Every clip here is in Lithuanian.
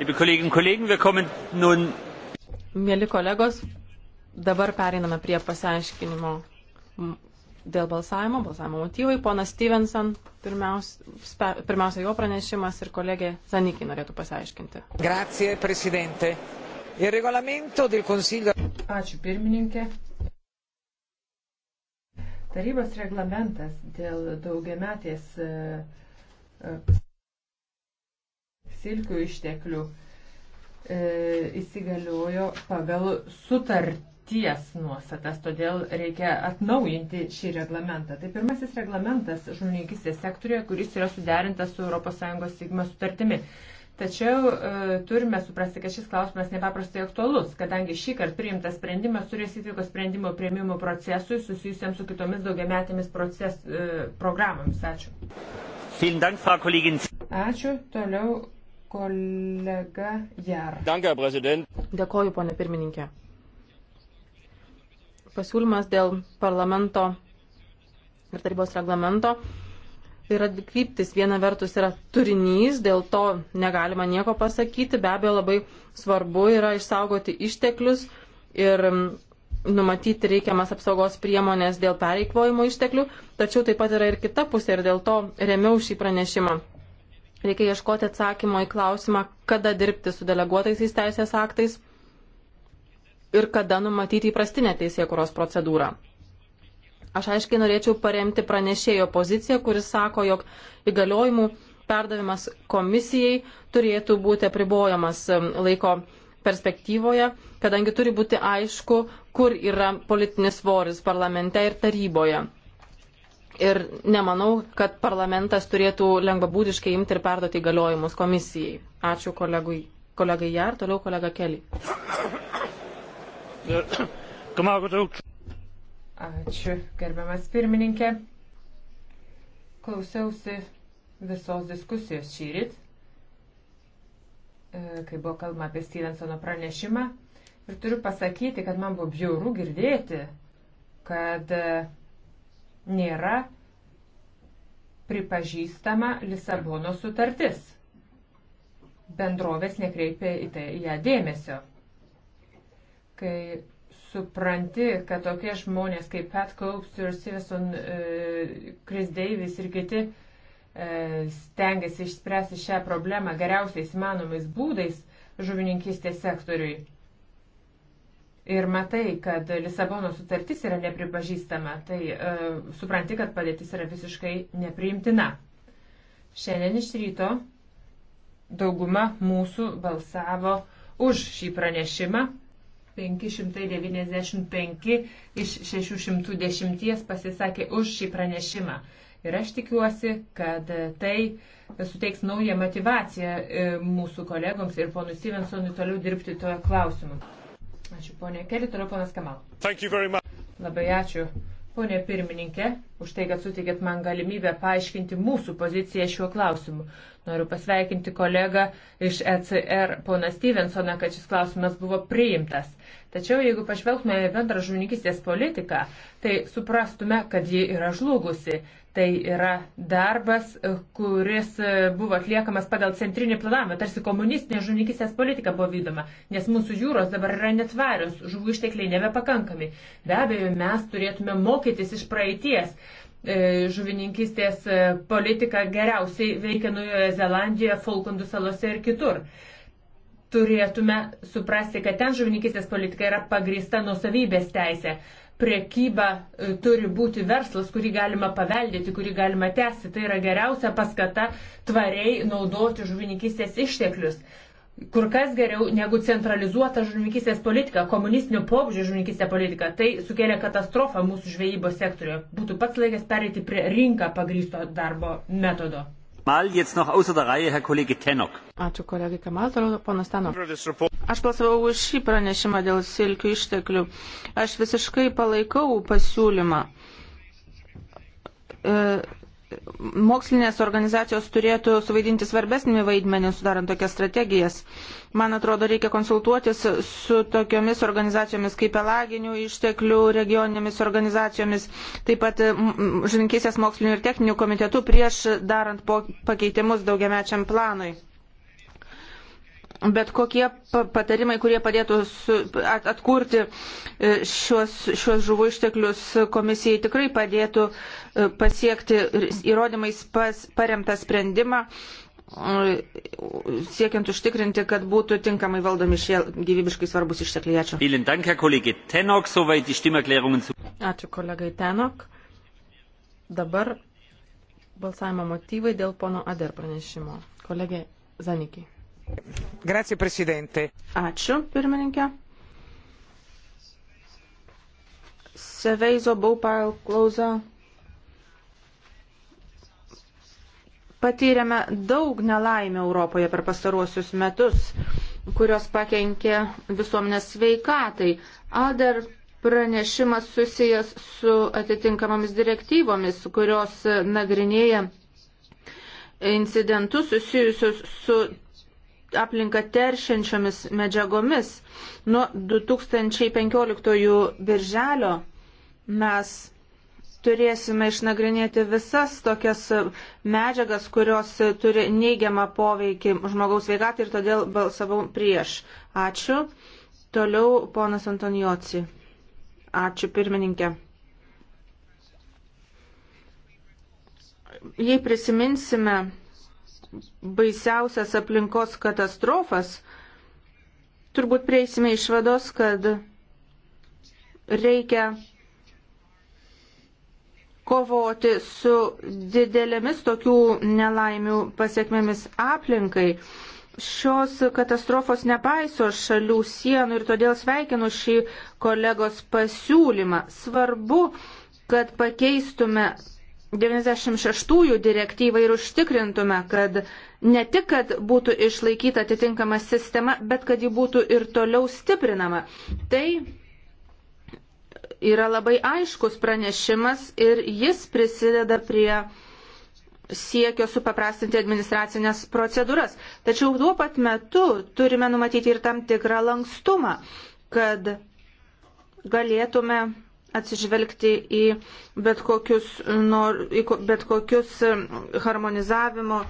Mėly kolegos, dabar pereiname prie pasiaiškinimo dėl balsavimo, balsavimo motyvai. Ponas Stevenson, pirmiausia, pirmiausia jo pranešimas ir kolegė Zanikį norėtų pasiaiškinti. Grazie, prezidente. Ir reglamento dėl konsilio. Ačiū, pirmininkė. Tarybos reglamentas dėl daugiametės e, e, silkių išteklių e, įsigaliojo pagal sutarties nuostatas, todėl reikia atnaujinti šį reglamentą. Tai pirmasis reglamentas žuvininkistės sektorioje, kuris yra suderintas su ES Sigma sutartimi. Tačiau e, turime suprasti, kad šis klausimas nepaprastai aktualus, kadangi šį kartą priimtas sprendimas turės įtikos sprendimo prieimimo procesui susijusiam su kitomis daugiametėmis proces, e, programomis. Ačiū. Dank, Ačiū. Toliau Kolega Jar. Dėkoju, ponė pirmininkė. Pasiūlymas dėl parlamento ir tarybos reglamento yra kryptis. Viena vertus yra turinys, dėl to negalima nieko pasakyti. Be abejo, labai svarbu yra išsaugoti išteklius ir numatyti reikiamas apsaugos priemonės dėl pereikvojimo išteklių. Tačiau taip pat yra ir kita pusė ir dėl to remiau šį pranešimą. Reikia ieškoti atsakymo į klausimą, kada dirbti su deleguotaisiais teisės aktais ir kada numatyti įprastinę teisėkuros procedūrą. Aš aiškiai norėčiau paremti pranešėjo poziciją, kuris sako, jog įgaliojimų perdavimas komisijai turėtų būti apribojamas laiko perspektyvoje, kadangi turi būti aišku, kur yra politinis svoris parlamente ir taryboje ir nemanau, kad parlamentas turėtų lengvabūdiškai imti ir perduoti įgaliojimus komisijai. Ačiū kolegui, kolegai Jar, toliau kolega Keli. Ačiū, gerbiamas pirmininkė. Klausiausi visos diskusijos šyrit, e, kai buvo kalbama apie Stevensono pranešimą. Ir turiu pasakyti, kad man buvo bjauru girdėti, kad uh, nėra pripažįstama Lisabono sutartis. Bendrovės nekreipia į tai ją dėmesio. Kai supranti, kad tokie žmonės kaip Pat Copes ir Siveson, e, Chris Davis ir kiti e, stengiasi išspręsti šią problemą geriausiais manomais būdais žuvininkystės sektoriui ir matai, kad Lisabono sutartis yra nepripažįstama, tai e, supranti, kad padėtis yra visiškai nepriimtina. Šiandien iš ryto dauguma mūsų balsavo už šį pranešimą. 595 iš 610 pasisakė už šį pranešimą. Ir aš tikiuosi, kad tai suteiks naują motivaciją e, mūsų kolegoms ir ponui Stevensonui toliau dirbti toje klausimu. Ačiū, ponė Keli, toliau ponas Kamal. Labai ačiū, ponė pirmininkė, už tai, kad sutikėt man galimybę paaiškinti mūsų poziciją šiuo klausimu. Noriu pasveikinti kolegą iš ECR, poną Stevensoną, kad šis klausimas buvo priimtas. Tačiau jeigu pažvelgtume į bendrą žuvininkistės politiką, tai suprastume, kad ji yra žlugusi. Tai yra darbas, kuris e, buvo atliekamas pagal centrinį planavimą, tarsi komunistinė žuvininkistės politika buvo vykdoma, nes mūsų jūros dabar yra netvarios, žuvų ištekliai nebepakankami. Be abejo, mes turėtume mokytis iš praeities. E, žuvininkistės e, politika geriausiai veikia Naujoje Zelandijoje, Falklandų salose ir kitur turėtume suprasti, kad ten žuvininkistės politika yra pagrįsta nusavybės teisė prekyba e, turi būti verslas, kurį galima paveldėti, kurį galima tęsti. Tai yra geriausia paskata tvariai naudoti žuvininkystės išteklius. Kur kas geriau negu centralizuota žuvininkystės politika, komunistinio pobūdžio žuvininkystė politika. Tai sukėlė katastrofą mūsų žvejybos sektoriuje. Būtų pats laikas pereiti prie rinką pagrysto darbo metodo. Ačiū kolegai Kamal, toliau ponas Tano. Aš balsavau už šį pranešimą dėl silkių išteklių. Aš visiškai palaikau pasiūlymą. E, mokslinės organizacijos turėtų suvaidinti svarbesnį vaidmenį sudarant tokias strategijas. Man atrodo, reikia konsultuotis su tokiomis organizacijomis kaip pelaginių išteklių, regioninėmis organizacijomis, taip pat žininkysės mokslinių ir techninių komitetų prieš darant pakeitimus daugiamečiam planui bet kokie patarimai, kurie padėtų su, at, atkurti e, šios, šios žuvų išteklius komisijai, tikrai padėtų e, pasiekti įrodymais pas, paremtą sprendimą, e, siekiant užtikrinti, kad būtų tinkamai valdomi šie gyvybiškai svarbus ištekliai. Ačiū. Ačiū kolegai Tenok. Dabar balsavimo motyvai dėl pono Ader pranešimo. Kolegė Zanikį. Grazie, prezidente. Ačiū, pirmininkė. Seveizo Baupal Klauza. Patyrėme daug nelaimę Europoje per pastaruosius metus, kurios pakenkė visuomenės sveikatai. Ader pranešimas susijęs su atitinkamomis direktyvomis, kurios nagrinėja incidentus susijusius su aplinką teršiančiomis medžiagomis. Nuo 2015 birželio mes turėsime išnagrinėti visas tokias medžiagas, kurios turi neigiamą poveikį žmogaus veikatai ir todėl balsavau prieš. Ačiū. Toliau ponas Antonijoci. Ačiū pirmininkė. Jei prisiminsime baisiausias aplinkos katastrofas, turbūt prieisime išvados, kad reikia kovoti su didelėmis tokių nelaimių pasiekmėmis aplinkai. Šios katastrofos nepaiso šalių sienų ir todėl sveikinu šį kolegos pasiūlymą. Svarbu, kad pakeistume 96-ųjų direktyvą ir užtikrintume, kad ne tik, kad būtų išlaikyta atitinkama sistema, bet kad ji būtų ir toliau stiprinama. Tai yra labai aiškus pranešimas ir jis prisideda prie siekio supaprastinti administracinės procedūras. Tačiau tuo pat metu turime numatyti ir tam tikrą lankstumą, kad galėtume atsižvelgti į bet kokius, nor, į bet kokius harmonizavimo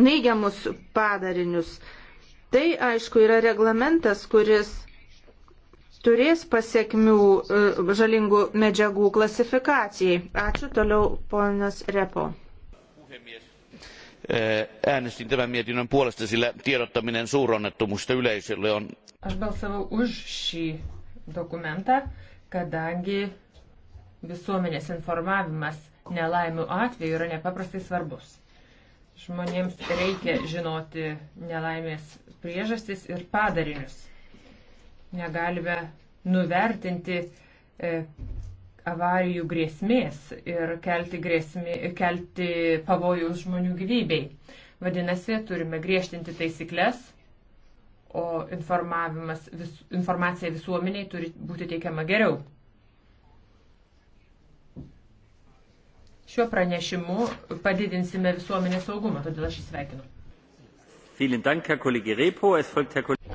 neigiamus padarinius. Tai, aišku, yra reglamentas, kuris turės pasiekmių e, žalingų medžiagų klasifikacijai. Ačiū toliau, ponas Repo. E, äänestin tämän mietinnön puolesta, sillä tiedottaminen suuronnettomuusta yleisölle on. Aš balsavau už šį dokumentą, kadangi visuomenės informavimas nelaimių atveju yra nepaprastai svarbus. Žmonėms reikia žinoti nelaimės priežastis ir padarinius. Negalime nuvertinti e, avarijų grėsmės ir kelti, grėsmė, kelti pavojus žmonių gyvybei. Vadinasi, turime griežtinti taisyklės, o informavimas, vis, informacija visuomeniai turi būti teikiama geriau. Šiuo pranešimu padidinsime visuomenės saugumą, todėl aš įsveikinu.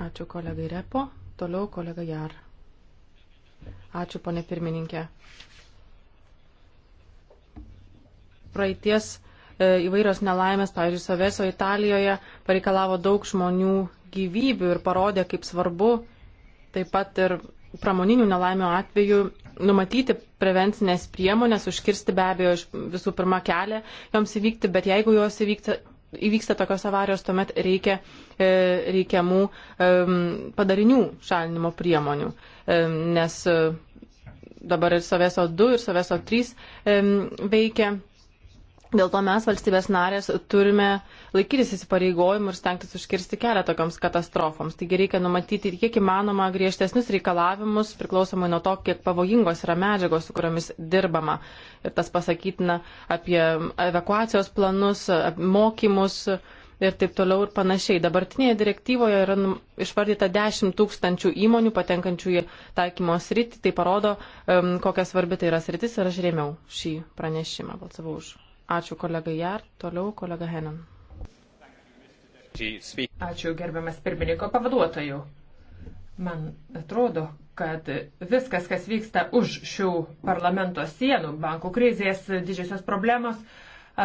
Ačiū kolegai Repo, toliau kolega Jar. Ačiū, ponė pirmininkė. Praeities e, įvairios nelaimės, pavyzdžiui, Saveso Italijoje pareikalavo daug žmonių gyvybių ir parodė, kaip svarbu taip pat ir pramoninių nelaimių atveju numatyti prevencinės priemonės, užkirsti be abejo visų pirma kelią joms įvykti, bet jeigu jos įvykti, įvyksta tokios avarijos, tuomet reikia e, reikiamų e, padarinių šalinimo priemonių, e, nes dabar ir Soveso 2 ir Soveso 3 veikia Dėl to mes, valstybės narės, turime laikytis įsipareigojimų ir stengtis užkirsti kelią tokioms katastrofoms. Taigi reikia numatyti ir kiek įmanoma griežtesnius reikalavimus priklausomai nuo to, kiek pavojingos yra medžiagos, su kuriomis dirbama. Ir tas pasakytina apie evakuacijos planus, mokymus ir taip toliau ir panašiai. Dabartinėje direktyvoje yra išvardyta 10 tūkstančių įmonių patenkančių į taikymo sritį. Tai parodo, um, kokia svarbi tai yra sritis ir aš rėmiau šį pranešimą. Balsavau už. Ačiū kolega Jar, toliau kolega Henin. Ačiū gerbiamas pirmininko pavaduotojų. Man atrodo, kad viskas, kas vyksta už šių parlamento sienų, bankų krizės, didžiosios problemos,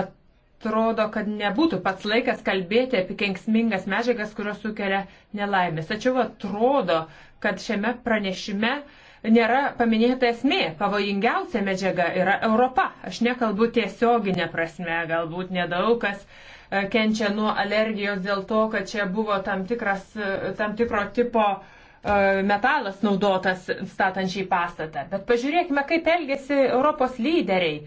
atrodo, kad nebūtų pats laikas kalbėti apie kenksmingas medžiagas, kurios sukelia nelaimės. Tačiau atrodo, kad šiame pranešime uh, nėra paminėta esmė. Pavojingiausia medžiaga yra Europa. Aš nekalbu tiesioginė prasme, galbūt nedaug kas e, kenčia nuo alergijos dėl to, kad čia buvo tam, tikras, e, tam tikro tipo e, metalas naudotas statant šį pastatą. Bet pažiūrėkime, kaip elgesi Europos lyderiai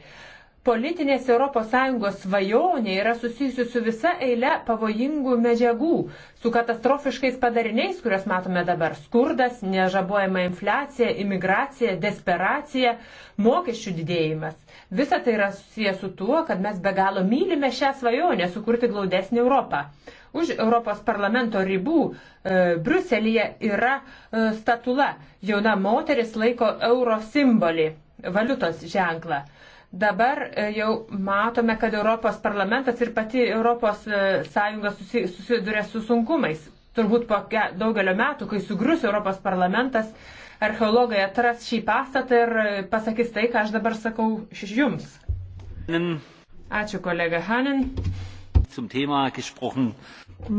politinės ES svajonė yra susijusi su visa eile pavojingų medžiagų, su katastrofiškais padariniais, kuriuos matome dabar - skurdas, nežabojama infliacija, imigracija, desperacija, mokesčių didėjimas. Visa tai yra susijęs su tuo, kad mes be galo mylime šią svajonę sukurti glaudesnį Europą. Už Europos parlamento ribų e, Bruselėje yra e, statula. Jauna moteris laiko euro simbolį, valiutos ženklą. Dabar e, jau matome, kad Europos parlamentas ir pati Europos e, Sąjunga susiduria su sunkumais. Turbūt po daugelio metų, kai sugrius Europos parlamentas, archeologai atras šį pastatą ir e, pasakys tai, ką aš dabar sakau jums. Ačiū kolega Hanin.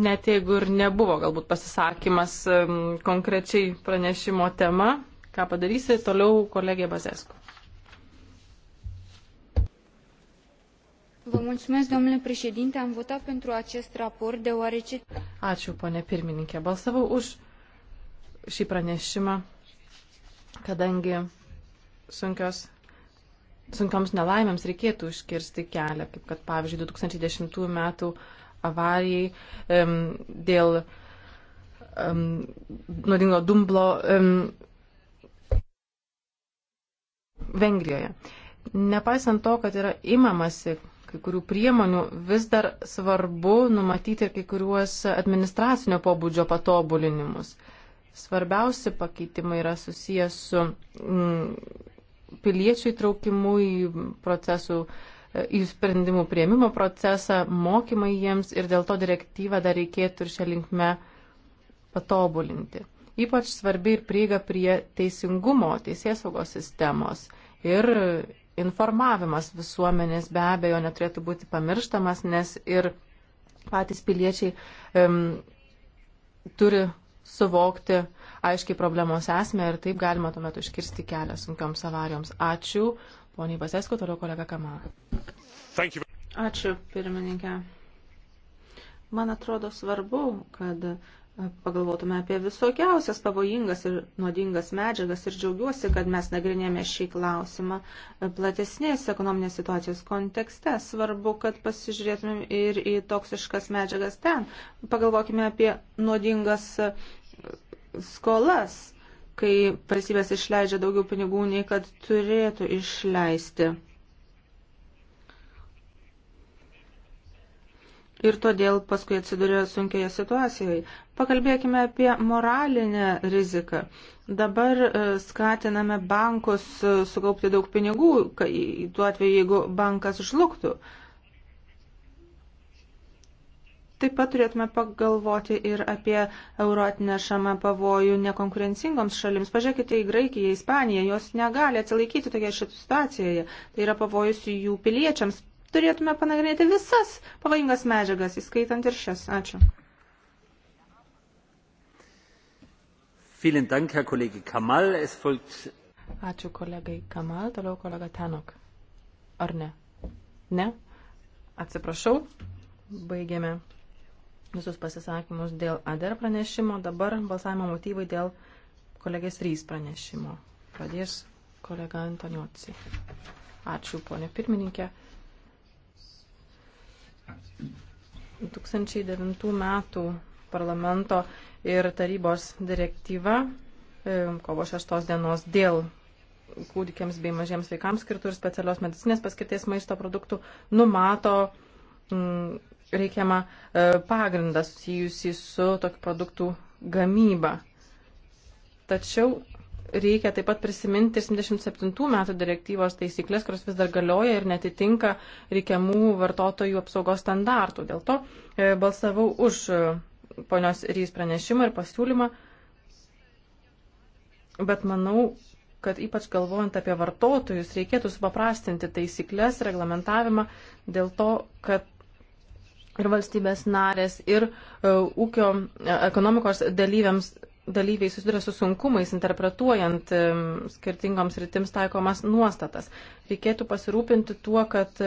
Net jeigu ir nebuvo galbūt pasisakymas konkrečiai pranešimo tema, ką padarysi, toliau kolegė Bazesko. am votat pentru acest raport deoarece. Ačiū, ponė pirmininkė. Balsavau už šį pranešimą, kadangi sunkios, sunkioms nelaimėms reikėtų užkirsti kelią, kaip kad pavyzdžiui 2010 metų avarijai um, dėl um, nuodingo dumblo um, Vengrijoje. Nepaisant to, kad yra imamasi kai kurių priemonių vis dar svarbu numatyti ir kai kuriuos administracinio pobūdžio patobulinimus. Svarbiausi pakeitimai yra susijęs su mm, piliečių įtraukimu į procesų, į sprendimų prieimimo procesą, mokymai jiems ir dėl to direktyvą dar reikėtų ir šią linkmę patobulinti. Ypač svarbi ir prieiga prie teisingumo, teisėsaugos sistemos ir informavimas visuomenės be abejo neturėtų būti pamirštamas, nes ir patys piliečiai um, turi suvokti aiškiai problemos esmę ir taip galima tuomet užkirsti kelią sunkioms avarijoms. Ačiū, poniai Basesko, toliau kolega Kama. Ačiū, pirmininkė. Man atrodo svarbu, kad pagalvotume apie visokiausias pavojingas ir nuodingas medžiagas ir džiaugiuosi, kad mes nagrinėjame šį klausimą platesnės ekonominės situacijos kontekste. Svarbu, kad pasižiūrėtumėm ir į toksiškas medžiagas ten. Pagalvokime apie nuodingas skolas, kai valstybės išleidžia daugiau pinigų nei kad turėtų išleisti. ir todėl paskui atsiduria sunkioje situacijoje. Pakalbėkime apie moralinę riziką. Dabar e, skatiname bankus e, sukaupti daug pinigų, tuo atveju, jeigu bankas žlugtų. Taip pat turėtume pagalvoti ir apie euro atnešamą pavojų nekonkurencingoms šalims. Pažiūrėkite į Graikiją, į Ispaniją, jos negali atsilaikyti tokia šitų situacijoje. Tai yra pavojus jų piliečiams. Turėtume panagrinėti visas pavojingas medžiagas, įskaitant ir šias. Ačiū. Ačiū kolegai Kamal, toliau kolega Tenok. Ar ne? Ne? Atsiprašau, baigėme visus pasisakymus dėl ADER pranešimo, dabar balsavimo motyvai dėl kolegės Rys pranešimo. Pradės kolega Antonioci. Ačiū, ponė pirmininkė. 2009 metų parlamento ir tarybos direktyva e, kovo 6 dienos dėl kūdikiams bei mažiems vaikams skirtų ir specialios medicinės paskirties maisto produktų numato m, mm, reikiamą e, pagrindą susijusį su tokių produktų gamyba. Tačiau reikia taip pat prisiminti 77 metų direktyvos taisyklės, kurios vis dar galioja ir netitinka reikiamų vartotojų apsaugos standartų. Dėl to e, balsavau už e, ponios Rys pranešimą ir pasiūlymą, bet manau, kad ypač galvojant apie vartotojus, reikėtų supaprastinti taisyklės, reglamentavimą dėl to, kad ir valstybės narės, ir uh, ūkio e, ekonomikos dalyviams dalyviai susiduria su sunkumais interpretuojant skirtingoms rytims taikomas nuostatas. Reikėtų pasirūpinti tuo, kad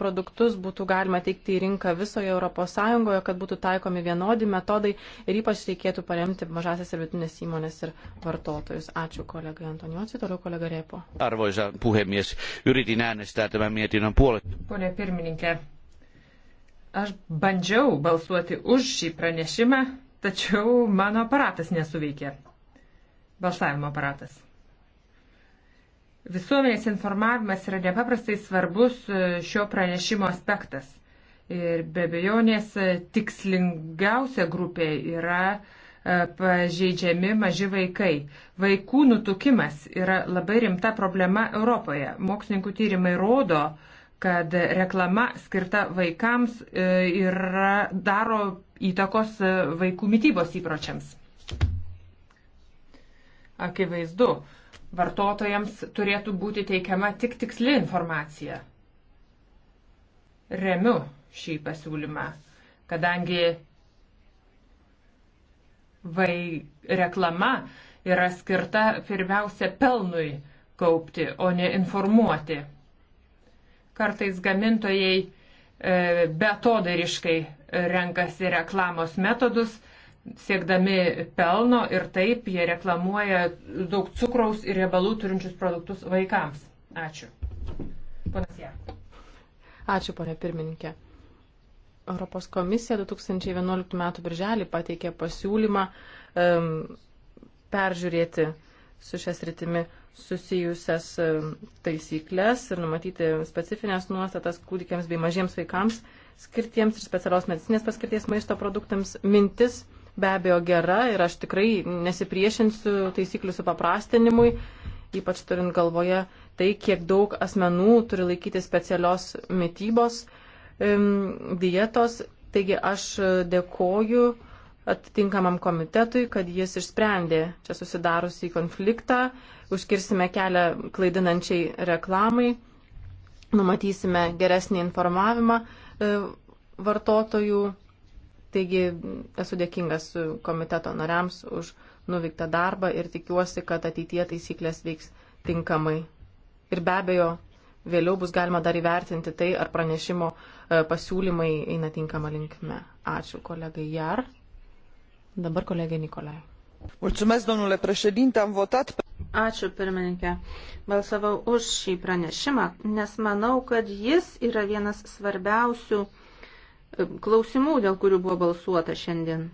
produktus būtų galima teikti į rinką visoje ES, kad būtų taikomi vienodi metodai ir ypač reikėtų paremti mažasias ir vidutinės įmonės ir vartotojus. Ačiū kolegai Antonioci, toliau kolega Repo. Arvoisa puhemies, yritin äänestää tämän mietinnön puolesta. Pone pirmininkė, aš bandžiau balsuoti už šį pranešimą, tačiau mano aparatas nesuveikė. Balsavimo aparatas. Visuomenės informavimas yra nepaprastai svarbus e, šio pranešimo aspektas. Ir be bejonės e, tikslingiausia grupė yra e, pažeidžiami maži vaikai. Vaikų nutukimas yra labai rimta problema Europoje. Mokslininkų tyrimai rodo, kad reklama skirta vaikams e, yra, daro įtakos e, vaikų mytybos įpročiams. Akivaizdu, vartotojams turėtų būti teikiama tik tiksli informacija. Remiu šį pasiūlymą, kadangi vai reklama yra skirta pirmiausia pelnui kaupti, o ne informuoti. Kartais gamintojai e, betodariškai renkasi reklamos metodus, siekdami pelno ir taip jie reklamuoja daug cukraus ir riebalų turinčius produktus vaikams. Ačiū. Ponas Jar. Ačiū, ponė pirmininkė. Europos komisija 2011 m. birželį pateikė pasiūlymą um, peržiūrėti su šias rytimi susijusias um, taisyklės ir numatyti specifines nuostatas kūdikiams bei mažiems vaikams skirtiems ir specialios medicinės paskirties maisto produktams. Mintis be abejo gera ir aš tikrai nesipriešinsiu taisyklių supaprastinimui, ypač turint galvoje tai, kiek daug asmenų turi laikyti specialios mytybos um, dietos. Taigi aš dėkoju atitinkamam komitetui, kad jis išsprendė čia susidarusi konfliktą užkirsime kelią klaidinančiai reklamai, numatysime geresnį informavimą e, vartotojų. Taigi esu dėkingas komiteto nariams už nuveiktą darbą ir tikiuosi, kad ateitie taisyklės veiks tinkamai. Ir be abejo, vėliau bus galima dar įvertinti tai, ar pranešimo e, pasiūlymai eina tinkama linkme. Ačiū kolegai Jar. Dabar kolegė Nikolai. Mulțumesc, domnule președinte, am votat Ačiū pirmininkė. Balsavau už šį pranešimą, nes manau, kad jis yra vienas svarbiausių e, klausimų, dėl kurių buvo balsuota šiandien.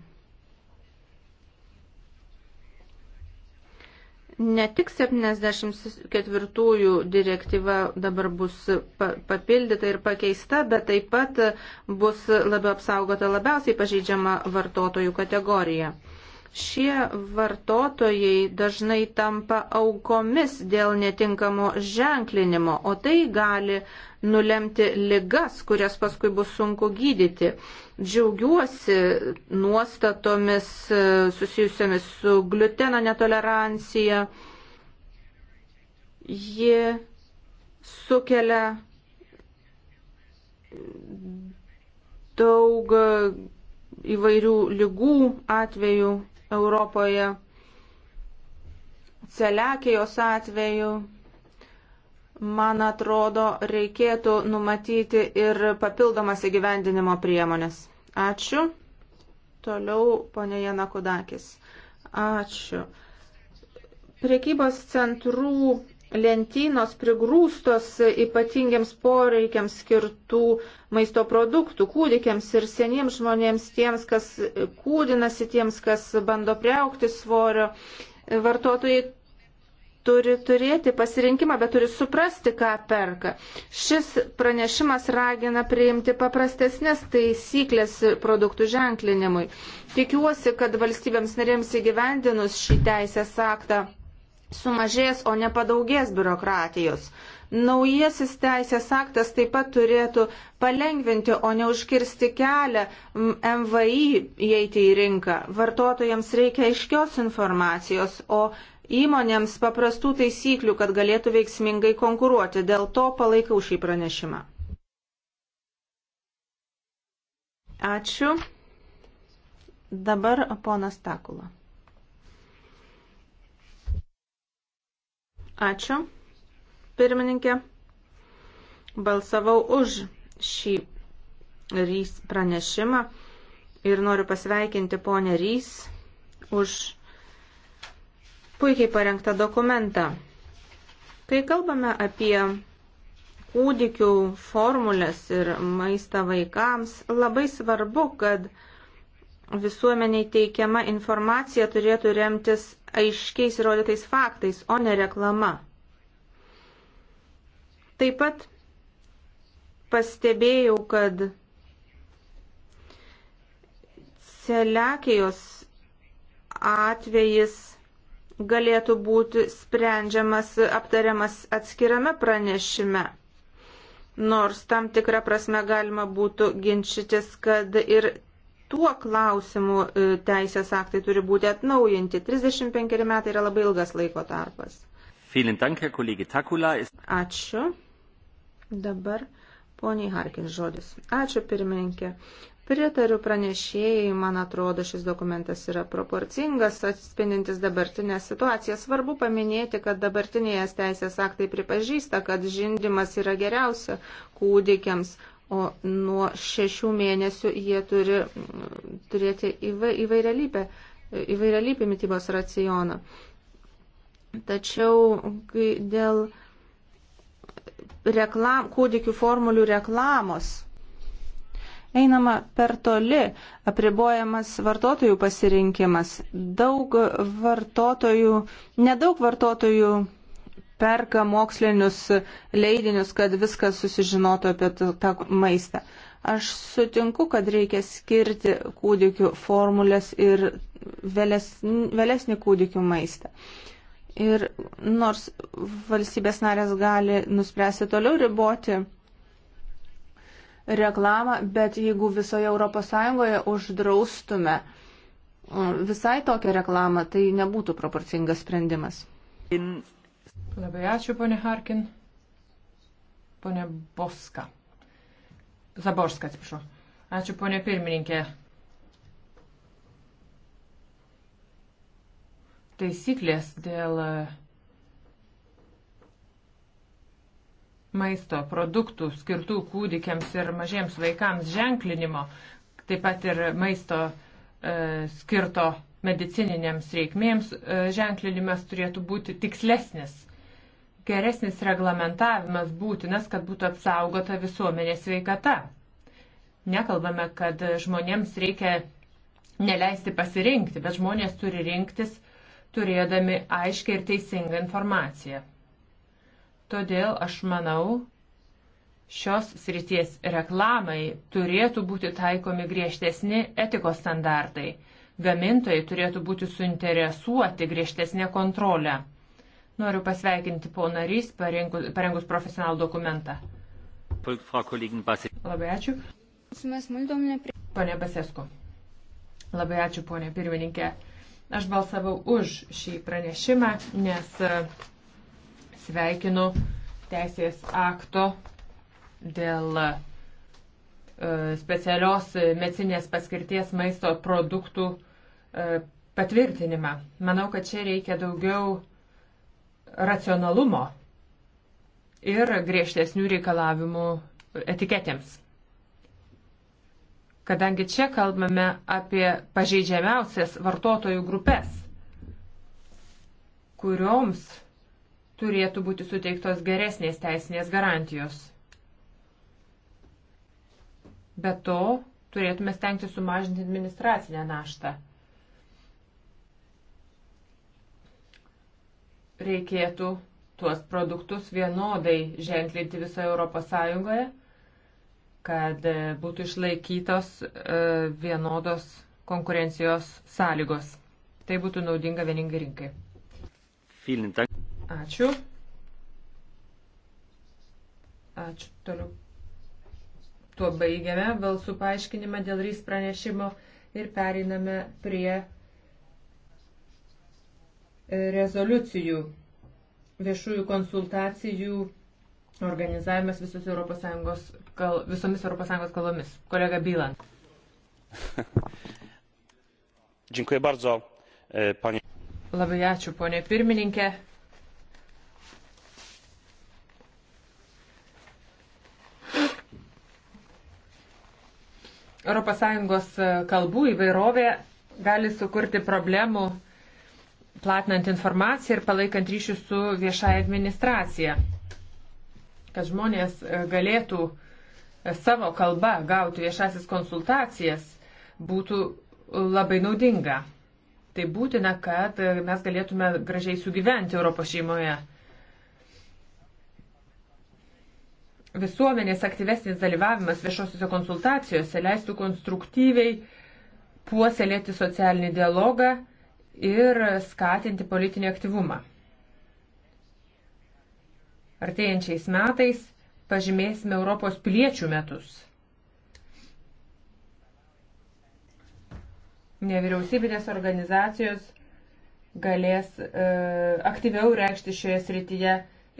Ne tik 74-ųjų direktyva dabar bus papildyta ir pakeista, bet taip pat bus labiau apsaugota labiausiai pažeidžiama vartotojų kategorija. Šie vartotojai dažnai tampa aukomis dėl netinkamo ženklinimo, o tai gali nulemti ligas, kurias paskui bus sunku gydyti. Džiaugiuosi nuostatomis e, susijusiamis su gluteno netolerancija. Ji sukelia daug e, įvairių lygų atvejų Europoje, celiakijos atveju, man atrodo, reikėtų numatyti ir papildomas įgyvendinimo priemonės. Ačiū. Toliau ponė Jana Kudakis. Ačiū. Prekybos centrų lentynos prigrūstos ypatingiams poreikiams skirtų maisto produktų kūdikiams ir seniems žmonėms, tiems, kas kūdinasi, tiems, kas bando priaukti svorio. Vartotojai turi turėti pasirinkimą, bet turi suprasti, ką perka. Šis pranešimas ragina priimti paprastesnės taisyklės produktų ženklinimui. Tikiuosi, kad valstybėms narėms įgyvendinus šį teisės aktą sumažės, o ne padaugės biurokratijos. Naujasis teisės aktas taip pat turėtų palengvinti, o ne užkirsti kelią MVI įeiti į rinką. Vartotojams reikia aiškios informacijos, o įmonėms paprastų taisyklių, kad galėtų veiksmingai konkuruoti. Dėl to palaikau šį pranešimą. Ačiū. Dabar ponas Takula. Ačiū, pirmininkė. Balsavau už šį Rys pranešimą ir noriu pasveikinti ponę Rys už puikiai parengtą dokumentą. Kai kalbame apie kūdikių formulės ir maistą vaikams, labai svarbu, kad visuomeniai teikiama informacija turėtų remtis aiškiais įrodytais faktais, o ne reklama. Taip pat pastebėjau, kad celiakijos atvejis galėtų būti sprendžiamas, aptariamas atskirame pranešime. Nors tam tikrą prasme galima būtų ginčytis, kad ir tuo klausimu e, teisės aktai turi būti atnaujinti. 35 metai yra labai ilgas laiko tarpas. Ačiū. Dabar poniai Harkins žodis. Ačiū pirmininkė. Pritariu pranešėjai, man atrodo, šis dokumentas yra proporcingas, atspindintis dabartinę situaciją. Svarbu paminėti, kad dabartinėje teisės aktai pripažįsta, kad žindimas yra geriausia kūdikiams, o nuo šešių mėnesių jie turi mm, turėti įvairialypį mytybos racioną. Tačiau dėl reklam, kūdikių formulių reklamos einama per toli, apribojamas vartotojų pasirinkimas. Daug vartotojų, nedaug vartotojų perka mokslinius leidinius, kad viskas susižinotų apie tą maistą. Aš sutinku, kad reikia skirti kūdikių formulės ir vėlesnį, vėlesnį kūdikių maistą. Ir nors valstybės narės gali nuspręsti toliau riboti reklamą, bet jeigu visoje ES uždraustume uh, visai tokią reklamą, tai nebūtų proporcingas sprendimas. In... Labai ačiū, ponė Harkin. Pone Boska. Zaborska, atsiprašau. Ačiū, ponė pirmininkė. Taisyklės dėl e, maisto produktų skirtų kūdikiams ir mažiems vaikams ženklinimo, taip pat ir maisto e, skirto medicininėms reikmėms e, ženklinimas turėtų būti tikslesnis. Geresnis reglamentavimas būtinas, kad būtų apsaugota visuomenės veikata. Nekalbame, kad žmonėms reikia neleisti pasirinkti, bet žmonės turi rinktis turėdami aiškę ir teisingą informaciją. Todėl aš manau, šios srities reklamai turėtų būti taikomi griežtesni etikos standartai. Gamintojai turėtų būti suinteresuoti griežtesnė kontrolė. Noriu pasveikinti poną Rys, parengus profesionalų dokumentą. Labai ačiū. Pone Basesko. Labai ačiū, ponė pirmininkė. Aš balsavau už šį pranešimą, nes e, sveikinu teisės akto dėl e, specialios medicinės paskirties maisto produktų e, patvirtinimą. Manau, kad čia reikia daugiau racionalumo ir griežtesnių reikalavimų etiketėms. Kadangi čia kalbame apie pažeidžiamiausias vartotojų grupės, kurioms turėtų būti suteiktos geresnės teisinės garantijos. Be to, turėtume stengti sumažinti administracinę naštą. reikėtų tuos produktus vienodai ženklinti visoje Europos Sąjungoje, kad e, būtų išlaikytos e, vienodos konkurencijos sąlygos. Tai būtų naudinga vieningai rinkai. Ačiū. Ačiū toliau. Tuo baigiame balsų paaiškinimą dėl rys pranešimo ir periname prie rezoliucijų, viešųjų konsultacijų organizavimas visos ES, kal, visomis ES kalbomis. Kolega Bylan. Dziękuję bardzo, e, panie. Labai ačiū, ponė pirmininkė. ES kalbų įvairovė gali sukurti problemų platinant informaciją ir palaikant ryšius su viešai administracija, kad žmonės e, galėtų e, savo kalbą gauti viešasis konsultacijas, būtų e, labai naudinga. Tai būtina, kad mes galėtume gražiai sugyventi Europos šeimoje. Visuomenės aktyvesnis dalyvavimas viešosiuose konsultacijose leistų konstruktyviai puoselėti socialinį dialogą ir skatinti politinį aktyvumą. Artėjančiais metais pažymėsime Europos piliečių metus. Nevyriausybinės organizacijos galės e, aktyviau reikšti šioje srityje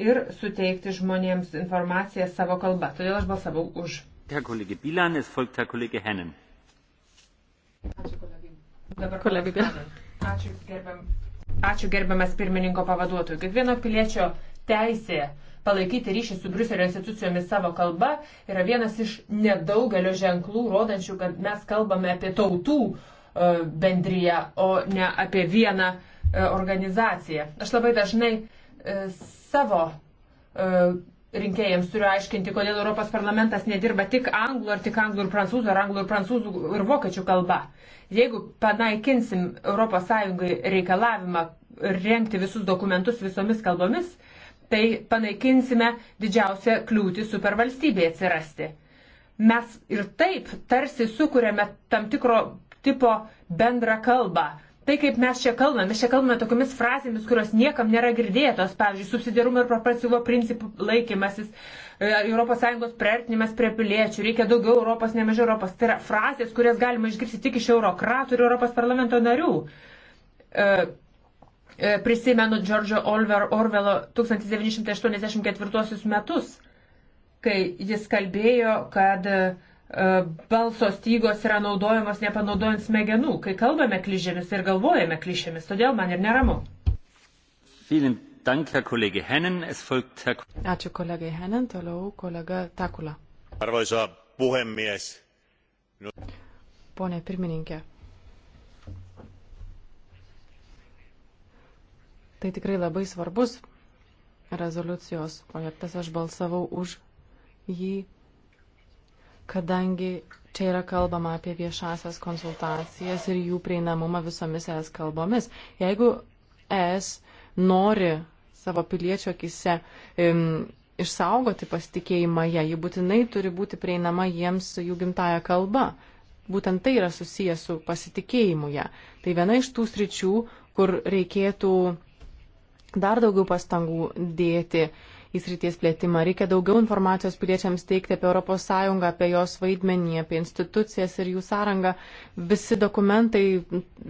ir suteikti žmonėms informaciją savo kalba. Todėl aš balsavau už. Herr Kollege Bilan, es folgt Herr Kollege Hennen. Ačiū, kolegai. Dabar kolegai Bilan. Ačiū, gerbiam. Ačiū gerbiamas pirmininko pavaduotojui. Kiekvieno piliečio teisė palaikyti ryšį su Briuselio institucijomis savo kalba yra vienas iš nedaugelio ženklų, rodančių, kad mes kalbame apie tautų e, bendryje, o ne apie vieną e, organizaciją. Aš labai dažnai e, savo rinkėjams turiu aiškinti, kodėl Europos parlamentas nedirba tik anglų ar tik anglų ir prancūzų, ar anglų ir prancūzų ir vokiečių kalba. Jeigu panaikinsim ES reikalavimą renkti visus dokumentus visomis kalbomis, tai panaikinsime didžiausią kliūtį supervalstybėje atsirasti. Mes ir taip tarsi sukūrėme tam tikro tipo bendrą kalbą, Tai kaip mes čia kalbame, mes čia kalbame tokiamis frazėmis, kurios niekam nėra girdėtos, pavyzdžiui, subsidiarumo ir proporcingumo principų laikymasis, e, ES priartinimas prie piliečių, reikia daugiau Europos, ne mažiau Europos. Tai yra frazės, kurias galima išgirsti tik iš eurokratų ir Europos parlamento narių. E, e, prisimenu Džordžo Orvelo 1984 metus, kai jis kalbėjo, kad E, balso stygos yra naudojamos nepanaudojant smegenų, kai kalbame klišėmis ir galvojame klišėmis, todėl man ir neramu. Ačiū kolegai Henin, toliau kolega Takula. Arvoisa puhemies. Pone pirmininkė. Tai tikrai labai svarbus rezoliucijos projektas, aš balsavau už jį kadangi čia yra kalbama apie viešasias konsultacijas ir jų prieinamumą visomis ES kalbomis. Jeigu ES nori savo piliečio akise im, išsaugoti pasitikėjimą ją, ji būtinai turi būti prieinama jiems jų gimtaja kalba. Būtent tai yra susijęs su pasitikėjimu ją. Tai viena iš tų sričių, kur reikėtų dar daugiau pastangų dėti. Uh, įsrities plėtimą. Reikia daugiau informacijos piliečiams teikti apie ES, apie jos vaidmenį, apie institucijas ir jų sąrangą. Visi dokumentai,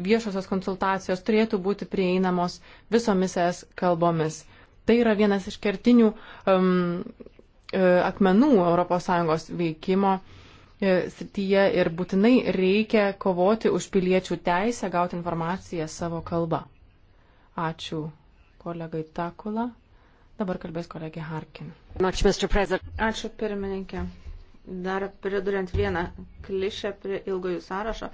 viešosios konsultacijos turėtų būti prieinamos visomis es kalbomis. Tai yra vienas iš kertinių um, e, akmenų ES veikimo e, srityje ir būtinai reikia kovoti už piliečių teisę gauti informaciją savo kalba. Ačiū kolegai Takula. Dabar kalbės kolegė Harkin. Ačiū pirmininkė. Dar priduriant vieną klišę prie ilgojų sąrašo,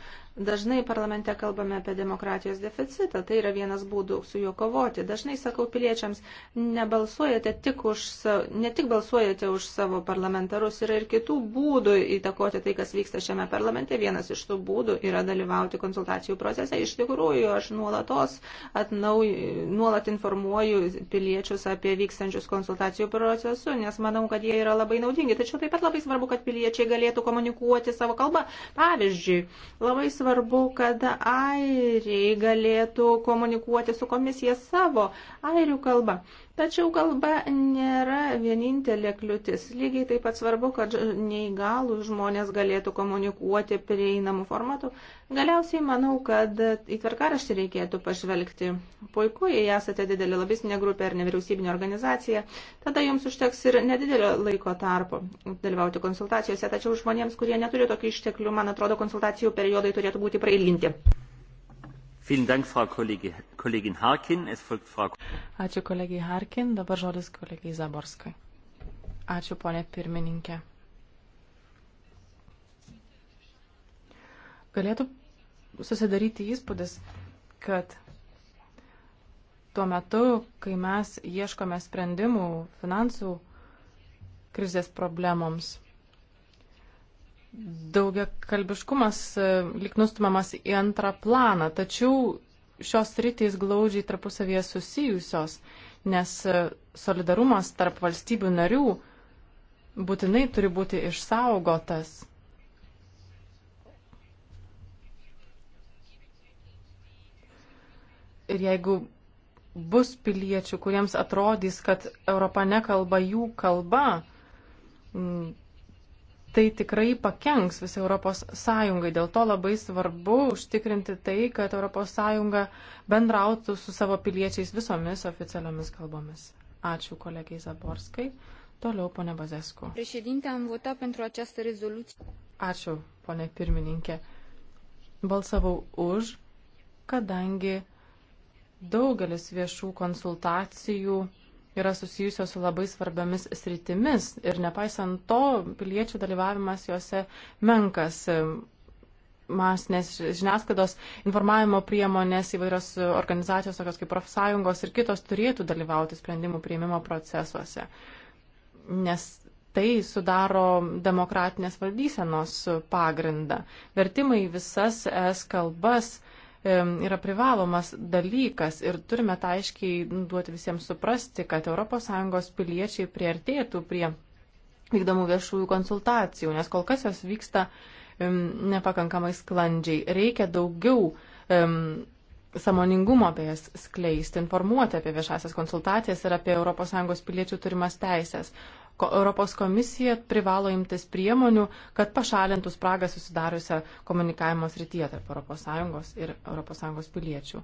dažnai parlamente kalbame apie demokratijos deficitą, tai yra vienas būdų su juo kovoti. Dažnai sakau piliečiams, nebalsuojate tik už, ne tik balsuojate už savo parlamentarus, yra ir kitų būdų įtakoti tai, kas vyksta šiame parlamente. Vienas iš tų būdų yra dalyvauti konsultacijų procese. Iš tikrųjų, aš nuolatos atnauju, nuolat informuoju piliečius apie vykstančius konsultacijų procesus, nes manau, kad jie yra labai naudingi. Tačiau taip pat labai svarbu, kad kad piliečiai galėtų komunikuoti savo kalbą. Pavyzdžiui, labai svarbu, kad airiai galėtų komunikuoti su komisija savo airių kalbą. Tačiau kalba nėra vienintelė kliūtis. Lygiai taip pat svarbu, kad neįgalų žmonės galėtų komunikuoti prieinamų formatų. Galiausiai manau, kad į tvarkaraštį reikėtų pažvelgti. Puiku, jei esate didelė lobistinė grupė ar nevyriausybinė organizacija, tada jums užteks ir nedidelio laiko tarpo dalyvauti konsultacijose. Tačiau žmonėms, kurie neturi tokių išteklių, man atrodo, konsultacijų periodai turėtų būti prailginti. Ačiū kolegijai Harkin, dabar žodis kolegijai Zaborskai. Ačiū ponė pirmininkė. Galėtų susidaryti įspūdis, kad tuo metu, kai mes ieškome sprendimų finansų krizės problemoms, daugia kalbiškumas e, lik nustumamas į antrą planą, tačiau šios rytys glaudžiai tarpusavėje susijusios, nes e, solidarumas tarp valstybių narių būtinai turi būti išsaugotas. Ir jeigu bus piliečių, kuriems atrodys, kad Europa nekalba jų kalba, tai tikrai pakenks visai Europos Sąjungai. Dėl to labai svarbu užtikrinti tai, kad Europos Sąjunga bendrautų su savo piliečiais visomis oficialiomis kalbomis. Ačiū kolegiai Zaborskai. Toliau, ponė Bazesku. Ačiū, ponė pirmininkė. Balsavau už, kadangi daugelis viešų konsultacijų yra susijusios su labai svarbiamis sritimis ir nepaisant to piliečių dalyvavimas juose menkas. Masinės žiniasklaidos informavimo priemonės įvairios organizacijos, tokios kaip profsąjungos ir kitos, turėtų dalyvauti sprendimų prieimimo procesuose, nes tai sudaro demokratinės valdysenos pagrindą. Vertimai visas es kalbas uh, yra privalomas dalykas ir turime tą aiškiai duoti visiems suprasti, kad ES piliečiai priartėtų prie vykdomų viešųjų konsultacijų, nes kol kas jos vyksta nepakankamai sklandžiai. Reikia daugiau um, samoningumo apie jas skleisti, informuoti apie viešasias konsultacijas ir apie ES piliečių turimas teisės. Europos komisija privalo imtis priemonių, kad pašalintų spragą susidariusią komunikavimo srityje tarp ES ir ES piliečių.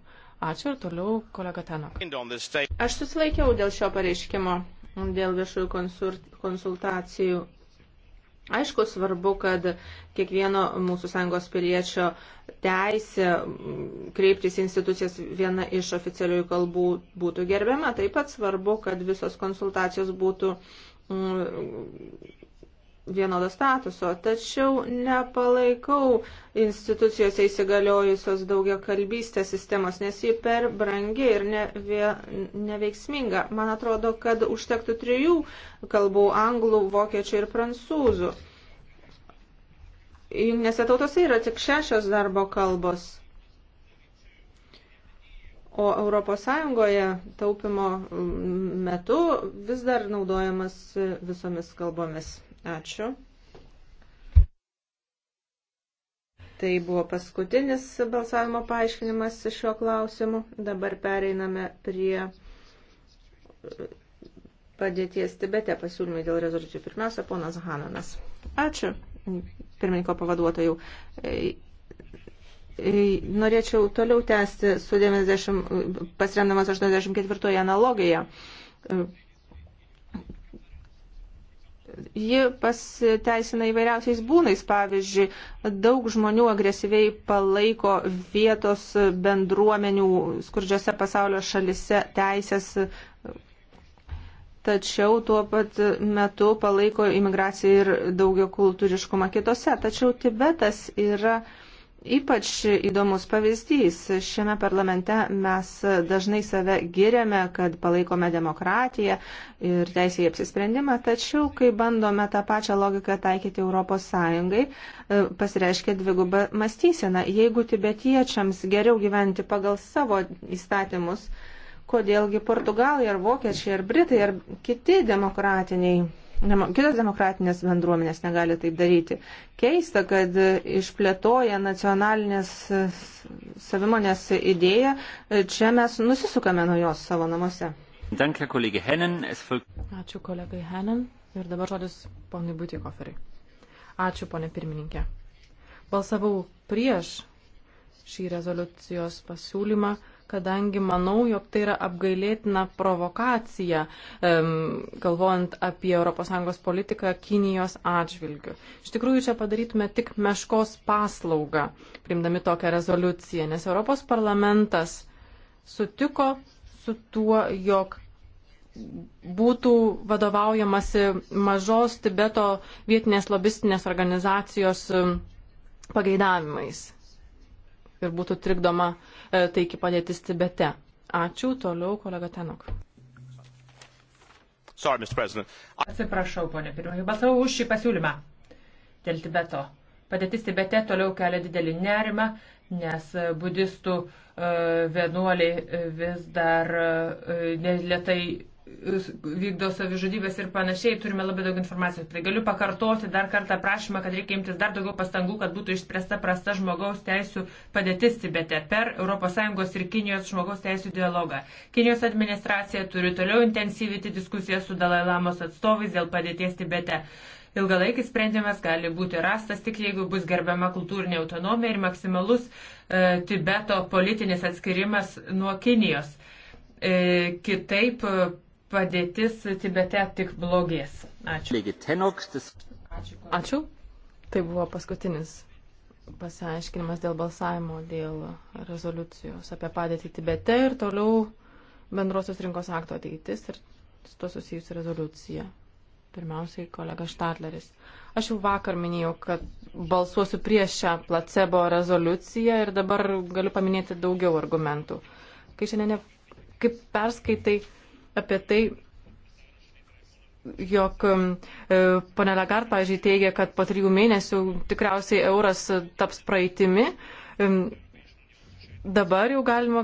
Ačiū ir toliau kolega Tenok. Aš susilaikiau dėl šio pareiškimo, dėl viešųjų konsultacijų. Aišku, svarbu, kad kiekvieno mūsų sąjungos piliečio teisė kreiptis į institucijas viena iš oficialiųjų kalbų būtų gerbiama. Taip pat svarbu, kad visos konsultacijos būtų uh, Mm, vienodo statuso, tačiau nepalaikau institucijose įsigaliojusios daugia kalbystės sistemos, nes ji per brangi ir ne, vė, neveiksminga. Man atrodo, kad užtektų trijų kalbų - anglų, vokiečių ir prancūzų. Jungtinėse tautose yra tik šešios darbo kalbos. O ES taupimo mm, metu vis dar naudojamas visomis kalbomis. Ačiū. Tai buvo paskutinis balsavimo paaiškinimas šiuo klausimu. Dabar pereiname prie e, padėties Tibete pasiūlymai dėl rezoliucijų. Pirmiausia, ponas Hananas. Ačiū, pirmininko pavaduotojų. E, Norėčiau toliau tęsti su 90, pasiremdamas 84 analogiją. Ji pasiteisina įvairiausiais būnais. Pavyzdžiui, daug žmonių agresyviai palaiko vietos bendruomenių skurdžiose pasaulio šalise teisės, tačiau tuo pat metu palaiko imigraciją ir daugia kultūriškumą kitose. Tačiau Tibetas yra. Uh, Ypač įdomus pavyzdys. Šiame parlamente mes dažnai save giriame, kad palaikome demokratiją ir teisę į apsisprendimą, tačiau, kai bandome tą pačią logiką taikyti ES, e, pasireiškia dviguba mąstysena. Jeigu tibetiečiams geriau gyventi pagal savo įstatymus, kodėlgi portugalai ar vokiečiai ar britai ar kiti demokratiniai Kitos demokratinės bendruomenės negali taip daryti. Keista, kad išplėtoja nacionalinės savimonės idėją, čia mes nusisukame nuo jos savo namuose. Danke, kolegė Henin. Ačiū kolegai Henin. Ir dabar žodis ponui Butikoferiui. Ačiū, ponė pirmininkė. Balsavau prieš šį rezoliucijos pasiūlymą kadangi manau, jog tai yra apgailėtina provokacija, galvojant apie ES politiką Kinijos atžvilgiu. Iš tikrųjų, čia padarytume tik meškos paslaugą, primdami tokią rezoliuciją, nes Europos parlamentas sutiko su tuo, jog būtų vadovaujamasi mažos Tibeto vietinės lobistinės organizacijos pageidavimais ir būtų trikdoma e, taiki padėtis Tibete. Ačiū, toliau kolega Tenok. Sorry, Atsiprašau, ponė pirmininkai, balsavau už šį pasiūlymą dėl Tibeto. Padėtis Tibete toliau kelia didelį nerimą, nes budistų e, vienuoliai e, vis dar nelietai vykdo savižudybės ir panašiai, turime labai daug informacijos. Tai galiu pakartoti dar kartą prašymą, kad reikia imtis dar daugiau pastangų, kad būtų išspręsta prasta žmogaus teisų padėtis Tibete per ES ir Kinijos žmogaus teisų dialogą. Kinijos administracija turi toliau intensyvinti diskusiją su Dalai Lamos atstovais dėl padėties Tibete. Ilgalaikis sprendimas gali būti rastas tik jeigu bus gerbiama kultūrinė autonomija ir maksimalus e, Tibeto politinis atskirimas nuo Kinijos. E, kitaip padėtis Tibete tik blogės. Ačiū. Ačiū. Tai buvo paskutinis pasiaiškinimas dėl balsavimo, dėl rezoliucijos apie padėtį Tibete ir toliau bendrosios rinkos akto ateitis ir su to susijusi rezoliucija. Pirmiausiai kolega Štatleris. Aš jau vakar minėjau, kad balsuosiu prieš šią placebo rezoliuciją ir dabar galiu paminėti daugiau argumentų. Kai šiandien, kaip perskaitai apie tai, jog e, ponė Lagard, pažiūrėjau, teigia, kad po trijų mėnesių tikriausiai euras taps praeitimi. Dabar jau galima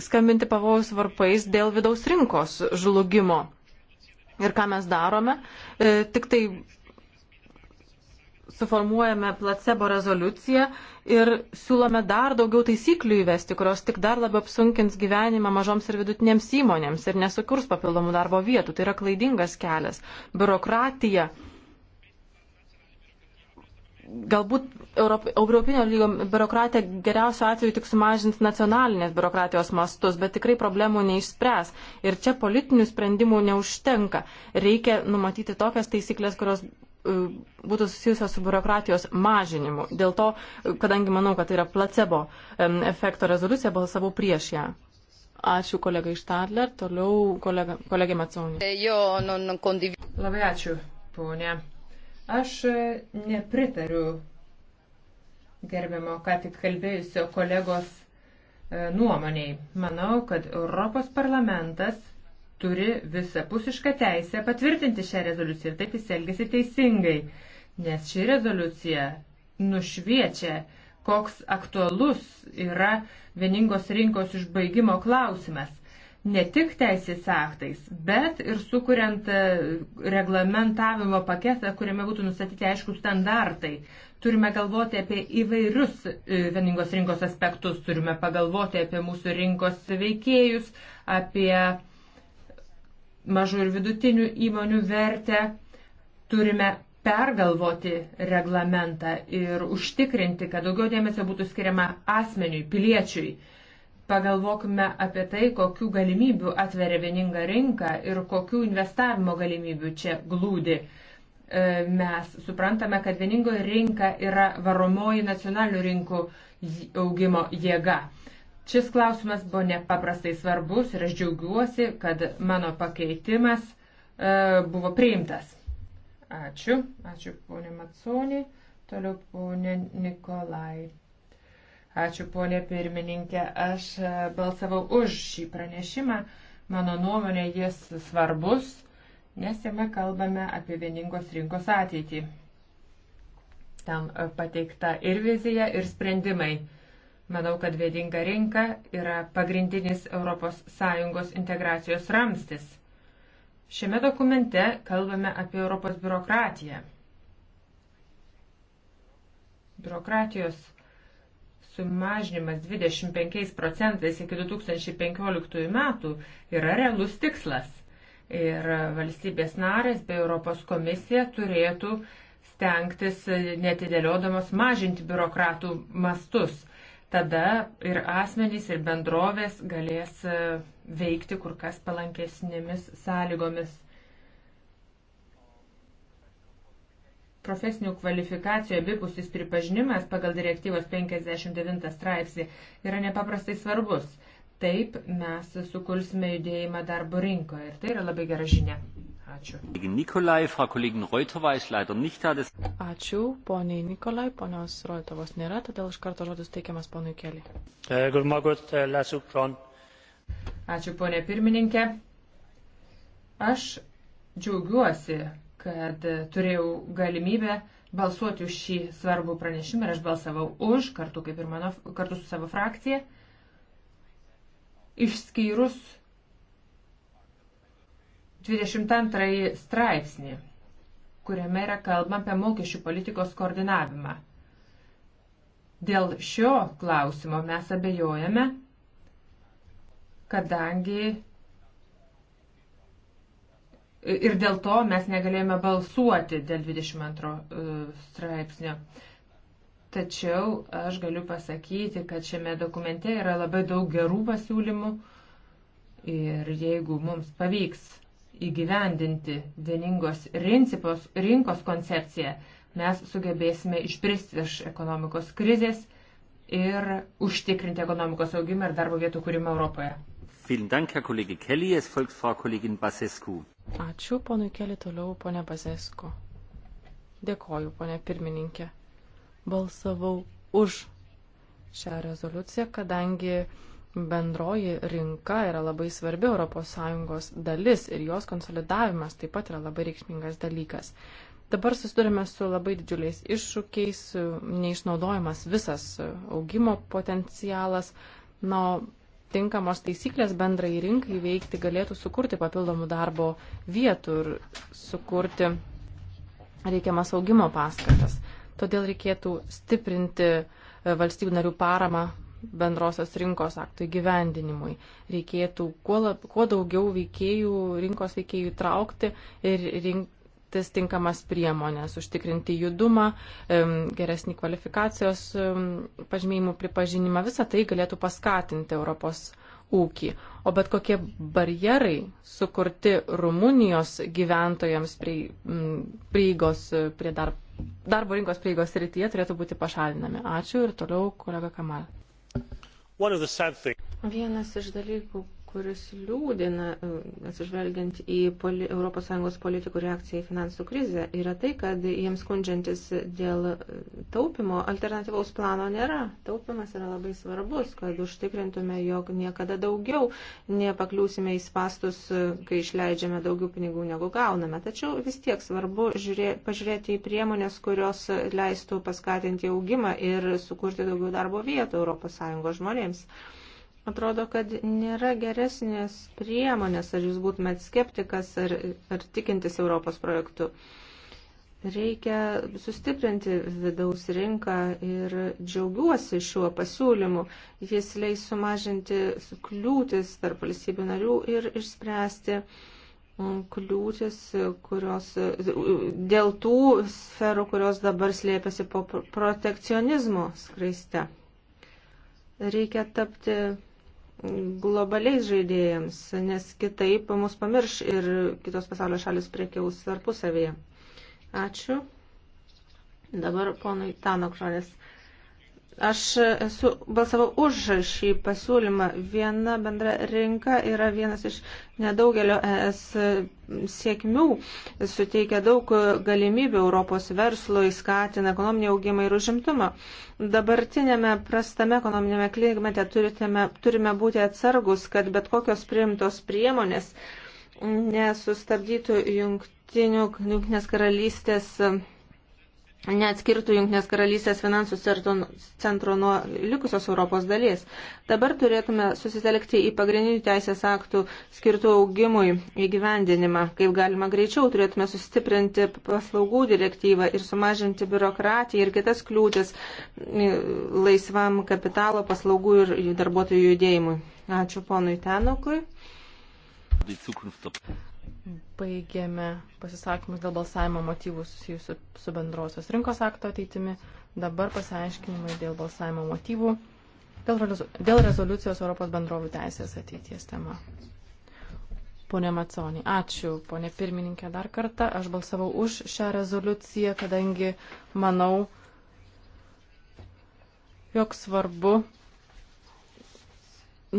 skambinti pavojus varpais dėl vidaus rinkos žlugimo. Ir ką mes darome? E, tik tai suformuojame placebo rezoliuciją ir siūlome dar daugiau taisyklių įvesti, kurios tik dar labiau apsunkins gyvenimą mažoms ir vidutinėms įmonėms ir nesukurs papildomų darbo vietų. Tai yra klaidingas kelias. Biurokratija galbūt Europ, europinio lygio biurokratija geriausiu atveju tik sumažins nacionalinės biurokratijos mastus, bet tikrai problemų neišspręs. Ir čia politinių sprendimų neužtenka. Reikia numatyti tokias taisyklės, kurios E, būtų susijusios su biurokratijos mažinimu. Dėl to, kadangi manau, kad tai yra placebo efekto rezoliucija, balsavau prieš ją. Ačiū kolega iš Tadler, toliau kolega, kolegė Macaunė. E, Labai ačiū, ponė. Aš e, nepritariu gerbiamo, ką tik kalbėjusio kolegos nuomoniai. Manau, kad Europos parlamentas turi visapusišką teisę patvirtinti šią rezoliuciją ir taip jis elgesi teisingai, nes ši rezoliucija nušviečia, koks aktualus yra vieningos rinkos išbaigimo klausimas. Ne tik teisės aktais, bet ir sukuriant e, reglamentavimo paketą, kuriame būtų nustatyti aiškus standartai, turime galvoti apie įvairius e, vieningos rinkos aspektus, turime pagalvoti apie mūsų rinkos veikėjus, apie mažų ir vidutinių įmonių vertę. Turime pergalvoti reglamentą ir užtikrinti, kad daugiau dėmesio būtų skiriama asmeniui, piliečiui. Pagalvokime apie tai, kokių galimybių atveria vieninga rinka ir kokių investavimo galimybių čia glūdi. E, mes suprantame, kad vieningoji rinka yra varomoji nacionalinių rinkų augimo jėga. Šis klausimas buvo nepaprastai svarbus ir aš džiaugiuosi, kad mano pakeitimas e, buvo priimtas. Ačiū, ačiū ponė Matsonė, toliau ponė Nikolai. Ačiū ponė pirmininkė, aš e, balsavau už šį pranešimą, mano nuomonė jis svarbus, nes jame kalbame apie vieningos rinkos ateitį. Tam e, pateikta ir vizija, ir sprendimai Manau, kad vėdinga rinka yra pagrindinis ES integracijos ramstis. Šiame dokumente kalbame apie Europos biurokratiją. Biurokratijos sumažinimas 25 procentais iki 2015 metų yra realus tikslas. Ir valstybės narės bei Europos komisija turėtų stengtis netidėliodamas mažinti biurokratų mastus. Tada ir asmenys, ir bendrovės galės e, veikti kur kas palankesnėmis sąlygomis. profesinių kvalifikacijų abipusis pripažinimas pagal direktyvos 59 straipsnį yra nepaprastai svarbus. Taip mes sukursime judėjimą darbo rinkoje ir tai yra labai gera žinia. Ačiū. Nikolai, Frau Kollegin Reutova, ist leider nicht da. Ačiū, poniai Nikolai, ponios Reutovos nėra, todėl iš karto žodis teikiamas ponui Kelį. Eh, eh, Ačiū, ponė pirmininkė. Aš džiaugiuosi, kad turėjau galimybę balsuoti už šį svarbų pranešimą ir aš balsavau už, kartu, kaip ir mano, kartu su savo frakcija, išskyrus 22 straipsnį, kuriame yra kalbama apie mokesčių politikos koordinavimą. Dėl šio klausimo mes abejojame, kadangi ir dėl to mes negalėjome balsuoti dėl 22 e, straipsnio. Tačiau aš galiu pasakyti, kad šiame dokumente yra labai daug gerų pasiūlymų ir jeigu mums pavyks įgyvendinti vieningos rincipos, rinkos koncepciją, mes sugebėsime išpristi iš ekonomikos krizės ir užtikrinti ekonomikos augimą ir darbo vietų kūrimą Europoje. Ačiū, ponui Keli, toliau ponė Bazesku. Dėkoju, ponė pirmininkė. Balsavau už šią rezoliuciją, kadangi bendroji rinka yra labai svarbi ES dalis ir jos konsolidavimas taip pat yra labai reikšmingas dalykas. Dabar susidurime su labai didžiuliais iššūkiais, neišnaudojamas visas augimo potencialas, na, tinkamos taisyklės bendrai rinkai veikti galėtų sukurti papildomų darbo vietų ir sukurti reikiamas augimo paskatas. Todėl reikėtų stiprinti valstybių narių paramą bendrosios rinkos aktų įgyvendinimui. Reikėtų kuo, lab, kuo daugiau veikėjų, rinkos veikėjų traukti ir rinktis tinkamas priemonės, užtikrinti judumą, geresnį kvalifikacijos pažymėjimų pripažinimą. Visą tai galėtų paskatinti Europos ūkį. O bet kokie barjerai sukurti Rumunijos gyventojams prieigos prie dar, darbo rinkos prieigos rytyje turėtų būti pašalinami. Ačiū ir toliau kolega Kamal. Vienas iš dalykų, kuris liūdina, e, atsižvelgiant į poli, ES politikų reakciją į finansų krizę, yra tai, kad jiems skundžiantis dėl e, taupimo alternatyvaus plano nėra. Taupimas yra labai svarbus, kad užtikrintume, jog niekada daugiau nepakliūsime į spastus, e, kai išleidžiame daugiau pinigų negu gauname. Tačiau vis tiek svarbu žiūrė, pažiūrėti į priemonės, kurios leistų paskatinti augimą ir sukurti daugiau darbo vietų ES žmonėms. Thank you Atrodo, kad nėra geresnės priemonės, ar jūs būtumėt skeptikas, ar, ar tikintis Europos projektu. Reikia sustiprinti vidaus rinką ir džiaugiuosi šiuo pasiūlymu. Jis leis sumažinti kliūtis tarp valstybių narių ir išspręsti mm, kliūtis, kurios, dėl tų sferų, kurios dabar slėpiasi po protekcionizmo skraiste. Reikia tapti globaliais žaidėjams, nes kitaip mus pamirš ir kitos pasaulio šalis priekiaus tarpusavėje. Ačiū. Dabar ponui Tano Kronės. Aš esu, balsavau už šį pasiūlymą. Viena bendra rinka yra vienas iš nedaugelio ES sėkmių, suteikia daug galimybių Europos verslui, skatina ekonominį augimą ir užimtumą. Dabartinėme prastame ekonominėme klimate turime, turime būti atsargus, kad bet kokios priimtos priemonės nesustabdytų jungtinių, jungtinės karalystės neatskirtų Junktinės karalystės finansų centro nuo likusios Europos dalies. Dabar turėtume susitelkti į pagrindinių teisės aktų skirtų augimui įgyvendinimą. Kaip galima greičiau turėtume sustiprinti paslaugų direktyvą ir sumažinti biurokratiją ir kitas kliūtis e, laisvam kapitalo paslaugų ir darbuotojų judėjimui. Ačiū ponui Tenokui. Baigėme pasisakymus dėl balsavimo motyvų susijusių su bendrosios rinkos akto ateitimi. Dabar pasiaiškinimai dėl balsavimo motyvų dėl rezoliucijos Europos bendrovų teisės ateities tema. Pone Maconį, ačiū, pone pirmininkė, dar kartą. Aš balsavau už šią rezoliuciją, kadangi manau, jog svarbu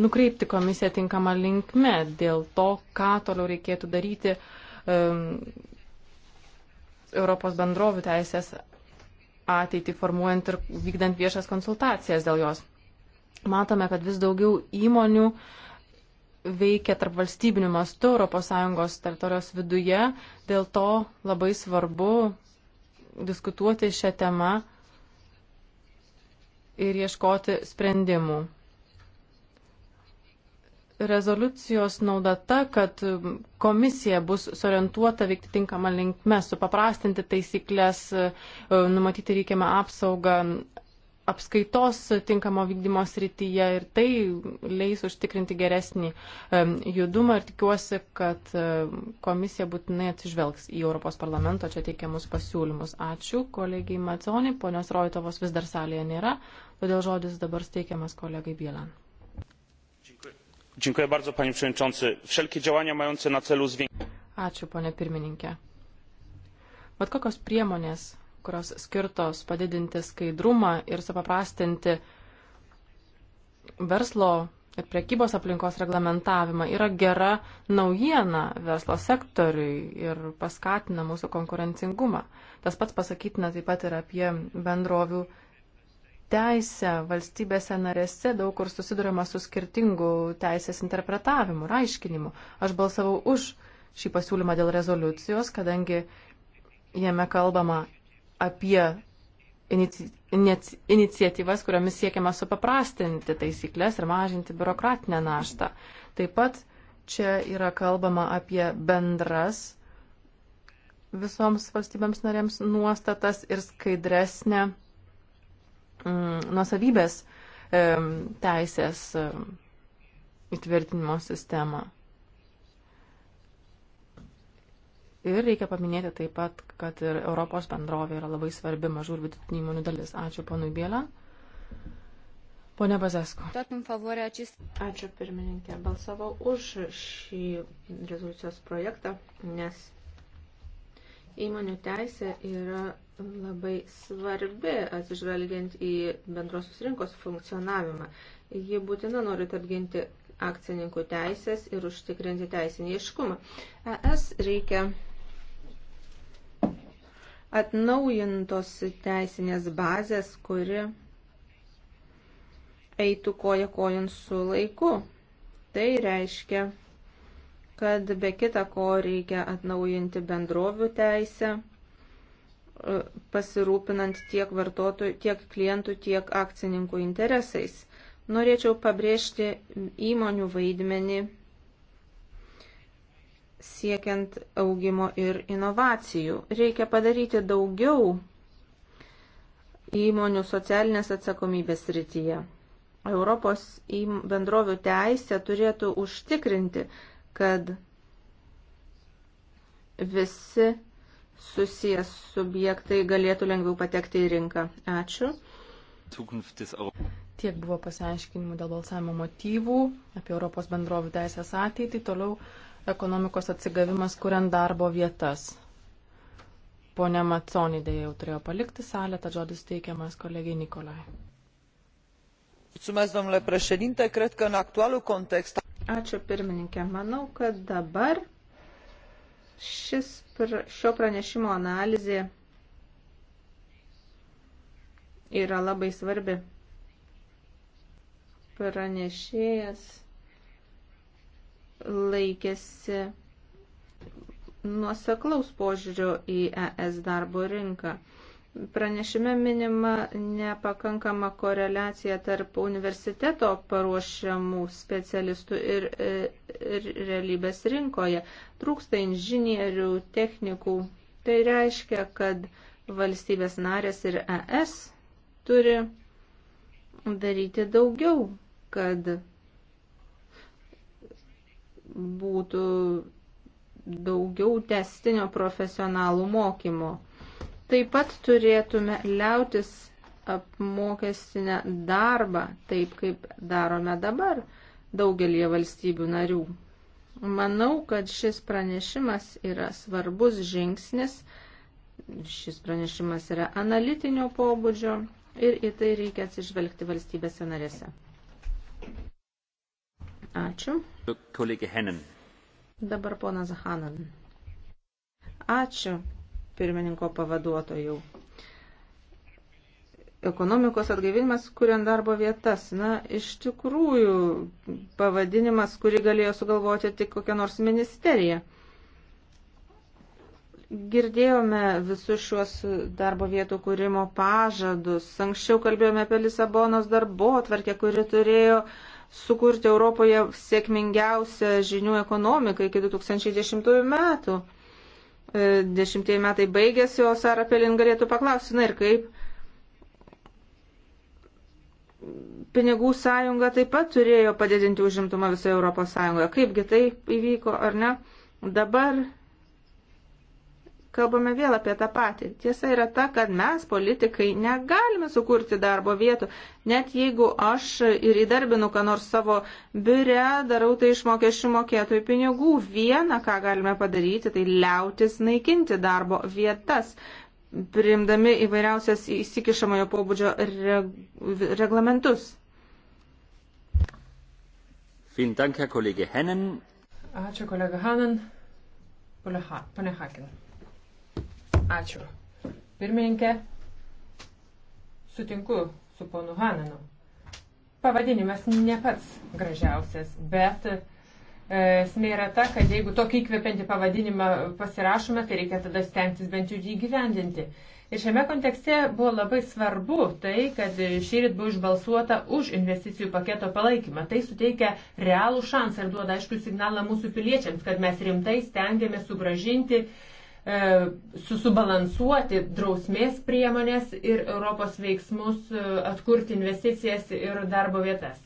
nukreipti komisiją tinkamą linkme dėl to, ką toliau reikėtų daryti um, Europos bendrovių teisės ateitį formuojant ir vykdant viešas konsultacijas dėl jos. Matome, kad vis daugiau įmonių veikia tarp valstybinių mastų ES teritorijos viduje, dėl to labai svarbu diskutuoti šią temą ir ieškoti sprendimų rezoliucijos nauda ta, kad komisija bus sorientuota veikti tinkamą linkmę, supaprastinti taisyklės, e, numatyti reikiamą apsaugą apskaitos tinkamo vykdymo srityje ir tai leis užtikrinti geresnį e, judumą ir tikiuosi, kad e, komisija būtinai atsižvelgs į Europos parlamento čia teikiamus pasiūlymus. Ačiū kolegijai Maconi, ponios Roitovos vis dar salėje nėra, todėl žodis dabar steikiamas kolegai Bielan panie przewodniczący! wszelkie działania mające na celu zwiększenie. bet kokios priemonės kurios skirtos padidinti skaidrumą ir supaprastinti verslo ir prekybos aplinkos reglamentavimą yra gera naujiena verslo sektoriui ir paskatina mūsų konkurencingumą. Tas pats pasakytina taip pat ir apie bendrovių teisę valstybėse narėse daug kur susidurima su skirtingu teisės interpretavimu ir aiškinimu. Aš balsavau už šį pasiūlymą dėl rezoliucijos, kadangi jame kalbama apie inici, inici, iniciatyvas, kuriomis siekiama supaprastinti taisyklės ir mažinti biurokratinę naštą. Taip pat čia yra kalbama apie bendras visoms valstybėms narėms nuostatas ir skaidresnę Mm, nuosavybės teisės įtvirtinimo sistemą. Ir reikia paminėti taip pat, kad ir Europos bendrovė yra labai svarbi mažų ir vidutinių įmonių dalis. Ačiū ponui Bėlą. Pone Bazesko. Ačiū pirmininkė. Balsavau už šį rezoliucijos projektą, nes įmonių teisė yra labai svarbi, atsižvelgiant į bendrosios rinkos funkcionavimą. Ji būtina norit apginti akcininkų teisės ir užtikrinti teisinį iškumą. ES reikia atnaujintos teisinės bazės, kuri eitų koja kojant su laiku. Tai reiškia, kad be kita ko reikia atnaujinti bendrovių teisę pasirūpinant tiek vartotojų, tiek klientų, tiek akcininkų interesais. Norėčiau pabrėžti įmonių vaidmenį siekiant augimo ir inovacijų. Reikia padaryti daugiau įmonių socialinės atsakomybės rytyje. Europos bendrovių teisė turėtų užtikrinti, kad visi susijęs subjektai galėtų lengviau patekti į rinką. Ačiū. Tiek buvo pasiaiškinimų dėl balsavimo motyvų apie Europos bendrovių teisės ateitį, toliau ekonomikos atsigavimas, kuriant darbo vietas. Pone Matsonį dėja jau turėjo palikti salę, tad žodis teikiamas kolegiai Nikolai. Cred că în actualul context. Ačiū pirmininkė. Manau, kad dabar šis šio pranešimo analizė yra labai svarbi. Pranešėjas laikėsi nuoseklaus požiūrio į ES darbo rinką. Pranešime minima nepakankama koreliacija tarp universiteto paruošiamų specialistų ir, ir realybės rinkoje. Trūksta inžinierių, technikų. Tai reiškia, kad valstybės narės ir ES turi daryti daugiau, kad būtų daugiau testinio profesionalų mokymo. Taip pat turėtume liautis apmokestinę darbą, taip kaip darome dabar daugelie valstybių narių. Manau, kad šis pranešimas yra svarbus žingsnis, šis pranešimas yra analitinio pobūdžio ir į tai reikia atsižvelgti valstybėse narėse. Ačiū. Kolegė Henin. Dabar ponas Hanan. Ačiū, pirmininko pavaduotojų. Ekonomikos atgaivinimas, kuriant darbo vietas. Na, iš tikrųjų, pavadinimas, kurį galėjo sugalvoti tik kokia nors ministerija. Girdėjome visus šiuos darbo vietų kūrimo pažadus. Anksčiau kalbėjome apie Lisabonos darbo atvarkę, kuri turėjo uh, sukurti Europoje sėkmingiausią žinių ekonomiką iki 2010 metų dešimtieji metai baigėsi, o Sara Pelin galėtų paklausti, na ir kaip pinigų sąjunga taip pat turėjo padidinti užimtumą visoje Europos sąjungoje. Kaipgi tai įvyko, ar ne? Dabar kalbame vėl apie tą patį. Tiesa yra ta, kad mes, politikai, negalime sukurti darbo vietų. Net jeigu aš ir įdarbinu, ką nors savo biure, darau tai iš mokesčių mokėtojų pinigų. Viena, ką galime padaryti, tai liautis naikinti darbo vietas, priimdami įvairiausias įsikišamojo pobūdžio reg reglamentus. Vielen Dank, Herr Kollege Hennen. Ačiū, kolega Hanen. Pane Hakin. Ačiū. Pirmininkė, sutinku su ponu Hananu. Pavadinimas ne pats gražiausias, bet e, esmė yra ta, kad jeigu tokį įkvepiantį pavadinimą pasirašome, tai reikia tada stengtis bent jau jį gyvendinti. Ir šiame kontekste buvo labai svarbu tai, kad šįryt buvo išbalsuota už investicijų paketo palaikymą. Tai suteikia realų šansą ir duoda aišku signalą mūsų piliečiams, kad mes rimtai stengiamės sugražinti uh, E, susubalansuoti drausmės priemonės ir Europos veiksmus, e, atkurti investicijas ir darbo vietas.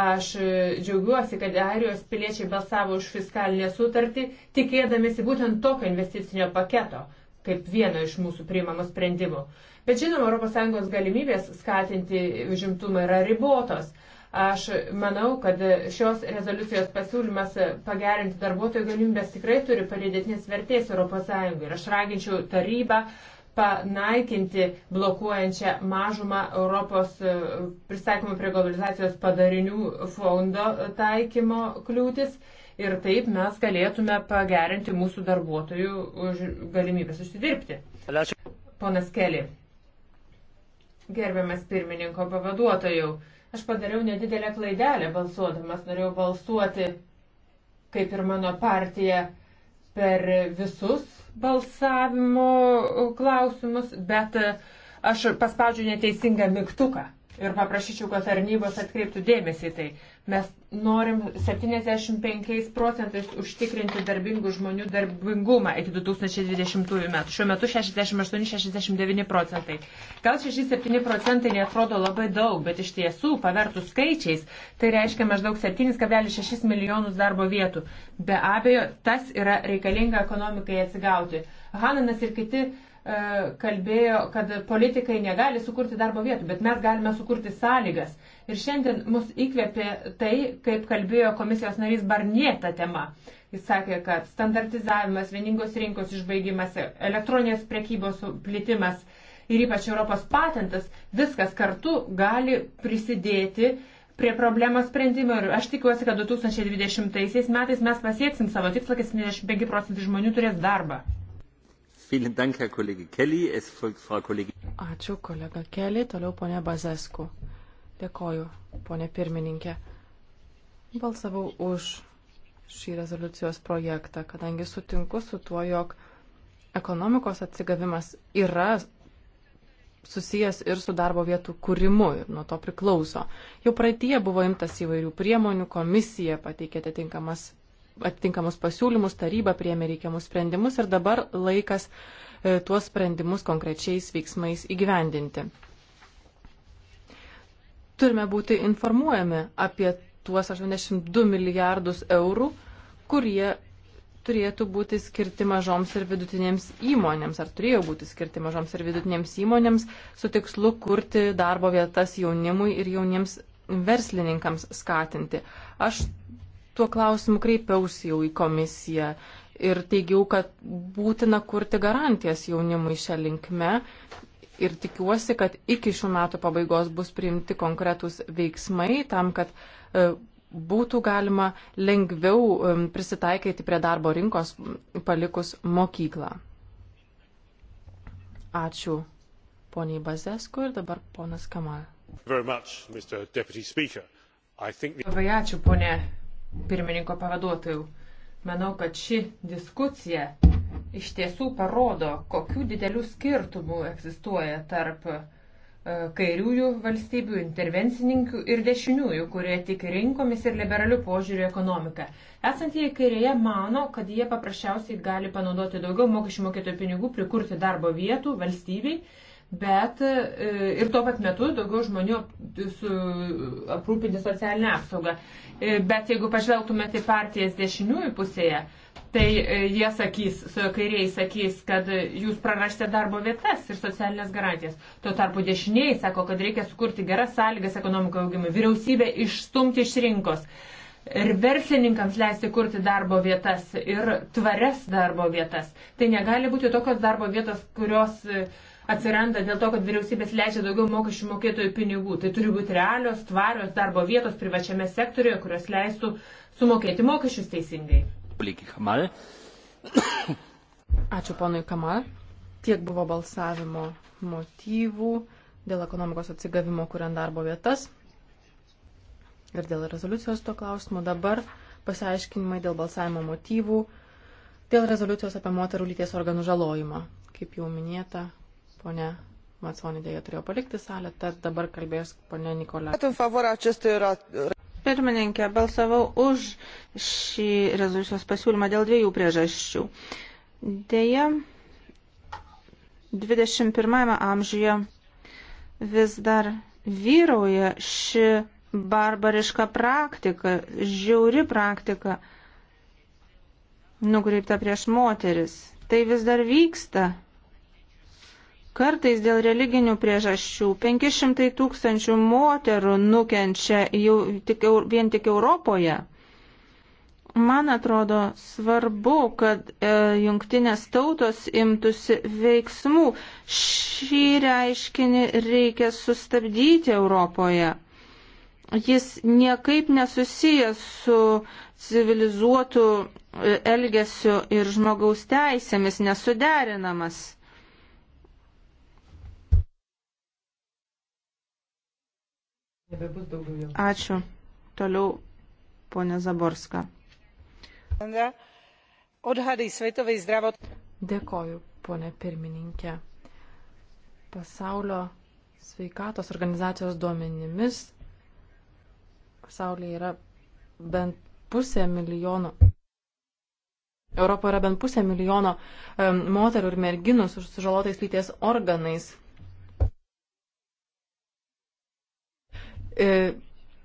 Aš e, džiaugiuosi, kad Airijos piliečiai balsavo už fiskalinę sutartį, tikėdamėsi būtent tokio investicinio paketo, kaip vieno iš mūsų priimamų sprendimų. Bet žinoma, ES galimybės skatinti užimtumą yra ribotos. Aš manau, kad šios rezoliucijos pasiūlymas pagerinti darbuotojų galimybės tikrai turi pridėtinės vertės ES. Ir aš raginčiau tarybą panaikinti blokuojančią mažumą Europos e, pristaikymo prie globalizacijos padarinių fondo taikymo kliūtis. Ir taip mes galėtume pagerinti mūsų darbuotojų galimybės užsidirbti. Ponas Keli, gerbiamas pirmininko pavaduotojau Aš padariau nedidelę klaidelę balsuodamas, norėjau balsuoti kaip ir mano partija per visus balsavimo klausimus, bet e, aš paspaudžiu neteisingą mygtuką ir paprašyčiau, kad tarnybos atkreiptų dėmesį tai. Mes norim 75 procentais užtikrinti darbingų žmonių darbingumą iki 2020 metų. Šiuo metu 68-69 procentai. Gal 6-7 procentai netrodo labai daug, bet iš tiesų, pavertų skaičiais, tai reiškia maždaug 7,6 milijonus darbo vietų. Be abejo, tas yra reikalinga ekonomikai atsigauti. Hananas ir kiti e, kalbėjo, kad politikai negali sukurti darbo vietų, bet mes galime sukurti sąlygas. Ir šiandien mus įkvėpė tai, kaip kalbėjo komisijos narys Barnie tą temą. Jis sakė, kad standartizavimas, vieningos rinkos išbaigimas, elektroninės prekybos plitimas ir ypač Europos patentas, viskas kartu gali prisidėti prie problemos sprendimo ir aš tikiuosi, kad 2020 metais mes pasieksim savo tikslą, kad 75 procentai žmonių turės darbą. Ačiū kolega Kelly, toliau ponia Bazesku. Dėkoju, ponė pirmininkė. Balsavau už šį rezoliucijos projektą, kadangi sutinku su tuo, jog ekonomikos atsigavimas yra susijęs ir su darbo vietų kūrimu ir nuo to priklauso. Jau praeitie buvo imtas įvairių priemonių, komisija pateikė atitinkamas atitinkamus pasiūlymus, taryba priemė reikiamus sprendimus ir dabar laikas e, tuos sprendimus konkrečiais veiksmais įgyvendinti turime būti informuojami apie tuos 82 milijardus eurų, kurie turėtų būti skirti mažoms ir vidutinėms įmonėms, ar turėjo būti skirti mažoms ir vidutinėms įmonėms, su tikslu kurti darbo vietas jaunimui ir jauniems verslininkams skatinti. Aš tuo klausimu kreipiausi jau į komisiją ir teigiau, kad būtina kurti garantijas jaunimui šią linkmę ir tikiuosi, kad iki šių metų pabaigos bus priimti konkretūs veiksmai tam, kad e, būtų galima lengviau e, prisitaikyti prie darbo rinkos palikus mokyklą. Ačiū poniai Bazesku ir dabar ponas Kamal. Labai ačiū ponė pirmininko pavaduotojų. Manau, kad ši diskusija iš tiesų parodo, kokių didelių skirtumų egzistuoja tarp e, kairiųjų valstybių, intervencininkų ir dešiniųjų, kurie tik rinkomis ir liberalių požiūrių ekonomiką. Esantieji kairėje mano, kad jie paprasčiausiai gali panaudoti daugiau mokesčių mokėtojų pinigų, prikurti darbo vietų valstybei, bet e, ir tuo pat metu daugiau žmonių su, aprūpinti socialinę apsaugą. E, bet jeigu pažvelgtumėte į partijas dešiniųjų pusėje, tai e, jie sakys, kairiai sakys, kad jūs prarasite darbo vietas ir socialinės garantijas. Tuo tarpu dešiniai sako, kad reikia sukurti geras sąlygas ekonomikų augimui, vyriausybę išstumti iš rinkos ir verslininkams leisti kurti darbo vietas ir tvarias darbo vietas. Tai negali būti tokios darbo vietos, kurios e, atsiranda dėl to, kad vyriausybės leidžia daugiau mokesčių mokėtojų pinigų. Tai turi būti realios, tvarios darbo vietos privačiame sektoriuje, kurios leistų sumokėti mokesčius teisingai. Kamal. Ačiū ponui Kamal. Tiek buvo balsavimo motyvų dėl ekonomikos atsigavimo, kuriant darbo vietas ir dėl rezoliucijos to klausimo. Dabar pasiaiškinimai dėl balsavimo motyvų, dėl rezoliucijos apie moterų lyties organų žalojimą. Kaip jau minėta, ponia Matsonė dėja turėjo palikti salę, tad dabar kalbės ponia Nikolė. Pirmininkė, balsavau už šį rezoliucijos pasiūlymą dėl dviejų priežasčių. Deja, 21 amžiuje vis dar vyrauja ši barbariška praktika, žiauri praktika, nukreipta prieš moteris. Tai vis dar vyksta Kartais dėl religinių priežasčių 500 tūkstančių moterų nukenčia jau tik, vien tik Europoje. Man atrodo svarbu, kad e, jungtinės tautos imtųsi veiksmų. Šį reiškinį reikia sustabdyti Europoje. Jis niekaip nesusijęs su civilizuotu e, elgesiu ir žmogaus teisėmis nesuderinamas. Nebebus daugiau jau. Ačiū. Toliau ponė Zaborska. Dėkoju, ponė pirmininkė. Pasaulio sveikatos organizacijos duomenimis pasaulyje yra bent pusė milijono. Europoje yra bent pusė milijono um, moterų ir merginų su sužalotais lyties organais E,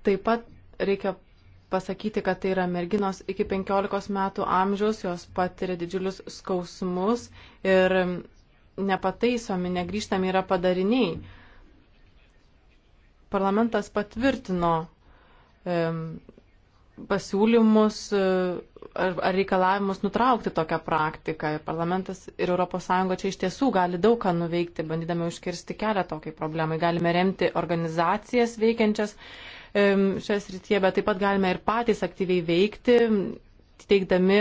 taip pat reikia pasakyti, kad tai yra merginos iki 15 metų amžiaus, jos patiria didžiulius skausmus ir nepataisomi, negryžtami yra padariniai. Parlamentas patvirtino pasiūlymus e, ar, ar reikalavimus nutraukti tokią praktiką. Ir parlamentas ir ES čia iš tiesų gali daug ką nuveikti, bandydami užkirsti kelią tokiai problemai. Galime remti organizacijas veikiančias šią srityje, bet taip pat galime ir patys aktyviai veikti, teikdami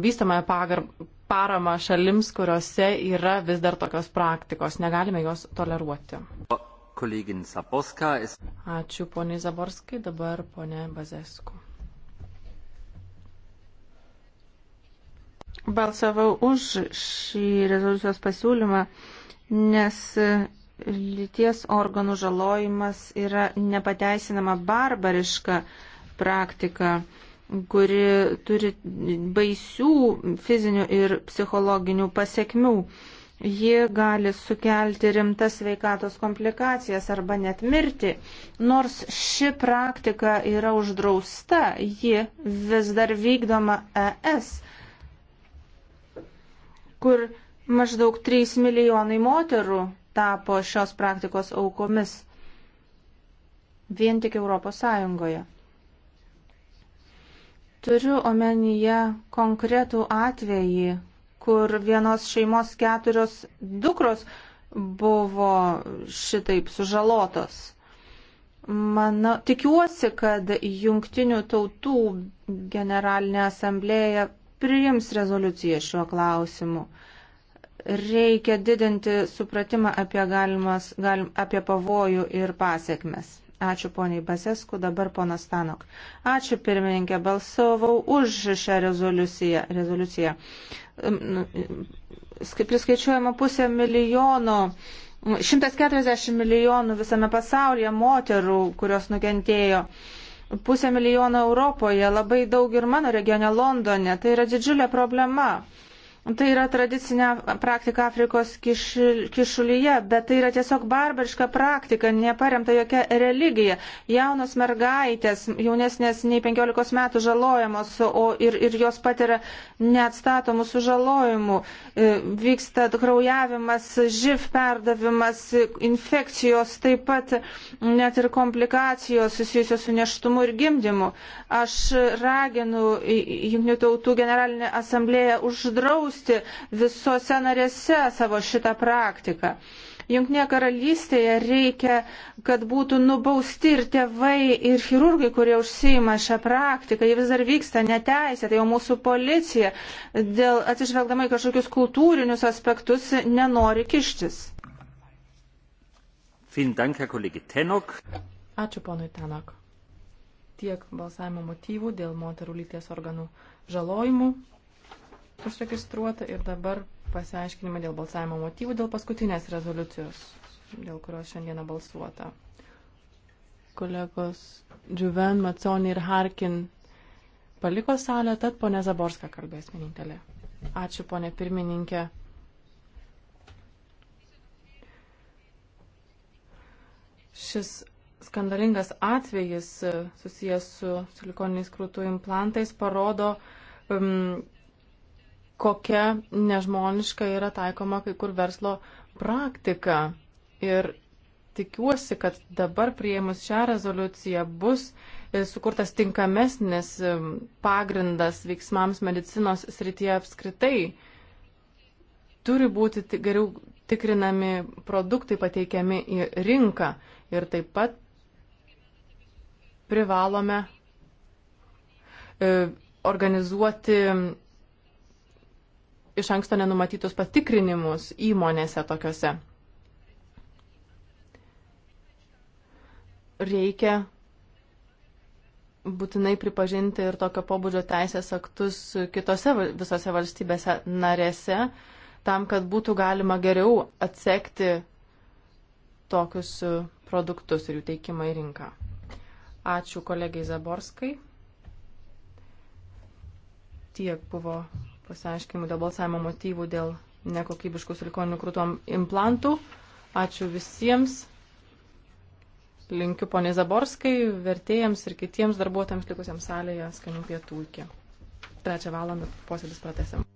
vystamąją pagarbą paramą šalims, kuriuose yra vis dar tokios praktikos. Negalime jos toleruoti. Ačiū poniai Zaborskai, dabar ponė Bazesku. Balsavau už šį rezoliucijos pasiūlymą, nes lyties organų žalojimas yra nepateisinama barbariška praktika, kuri turi baisių fizinių ir psichologinių pasiekmių. Ji gali sukelti rimtas veikatos komplikacijas arba net mirti. Nors ši praktika yra uždrausta, ji vis dar vykdoma ES kur maždaug 3 milijonai moterų tapo šios praktikos aukomis vien tik Europos Sąjungoje. Turiu omenyje konkretų atvejį, kur vienos šeimos keturios dukros buvo šitaip sužalotos. Mano, tikiuosi, kad jungtinių tautų generalinė asamblėja priims rezoliuciją šiuo klausimu. Reikia didinti supratimą apie, galimas, galim, apie pavojų ir pasiekmes. Ačiū poniai Basesku, dabar ponas Stanok. Ačiū pirmininkė, balsavau už šią rezoliuciją. rezoliuciją. Nu, Priskaičiuojama pusę milijono 140 milijonų visame pasaulyje moterų, kurios nukentėjo pusę milijono Europoje, labai daug ir mano regione Londone. Tai yra didžiulė problema. Tai yra tradicinė praktika Afrikos kiš, kišulyje, bet tai yra tiesiog barbariška praktika, neparemta jokia religija. Jaunos mergaitės, jaunesnės nei 15 metų žalojamos, o ir, ir jos patiria neatstatomų sužalojimų. E, vyksta kraujavimas, živ perdavimas, infekcijos, taip pat net ir komplikacijos susijusios su neštumu ir gimdymu. Aš raginu Junktinių tautų generalinę asamblėją uždrausti spausti visose narėse savo šitą praktiką. Junktinėje karalystėje reikia, kad būtų nubausti ir tėvai, ir chirurgai, kurie užsima šią praktiką. Jie vis dar vyksta neteisė, tai jau mūsų policija, dėl atsižvelgdama į kažkokius kultūrinius aspektus, nenori kištis. Ačiū ponui Tenok. Tiek balsavimo motyvų dėl moterų lyties organų žalojimų užregistruota ir dabar pasiaiškinimai dėl balsavimo motyvų, dėl paskutinės rezoliucijos, dėl kurios šiandieną balsuota. Kolegos Džiuven, Maconi ir Harkin paliko salę, tad ponė Zaborska kalbės vienintelė. Ačiū, ponė pirmininkė. Šis skandalingas atvejis e, susijęs su silikoniniais krūtų implantais parodo um, kokia nežmoniška yra taikoma kai kur verslo praktika. Ir tikiuosi, kad dabar prieimus šią rezoliuciją bus e, sukurtas tinkamesnis e, pagrindas veiksmams medicinos srityje apskritai. Turi būti geriau tikrinami produktai pateikiami į rinką ir taip pat privalome e, organizuoti iš anksto nenumatytus patikrinimus įmonėse tokiuose. Reikia būtinai pripažinti ir tokio pobūdžio teisės aktus kitose visose valstybėse narėse, tam, kad būtų galima geriau atsekti tokius produktus ir jų teikimą į rinką. Ačiū kolegai Zaborskai. Tiek buvo pasiaiškinimų dėl balsavimo motyvų dėl nekokybiškų silikoninių krūtų implantų. Ačiū visiems. Linkiu poniai Zaborskai, vertėjams ir kitiems darbuotojams likusiems salėje skanių pietų iki. Trečią valandą posėdis pratęsim.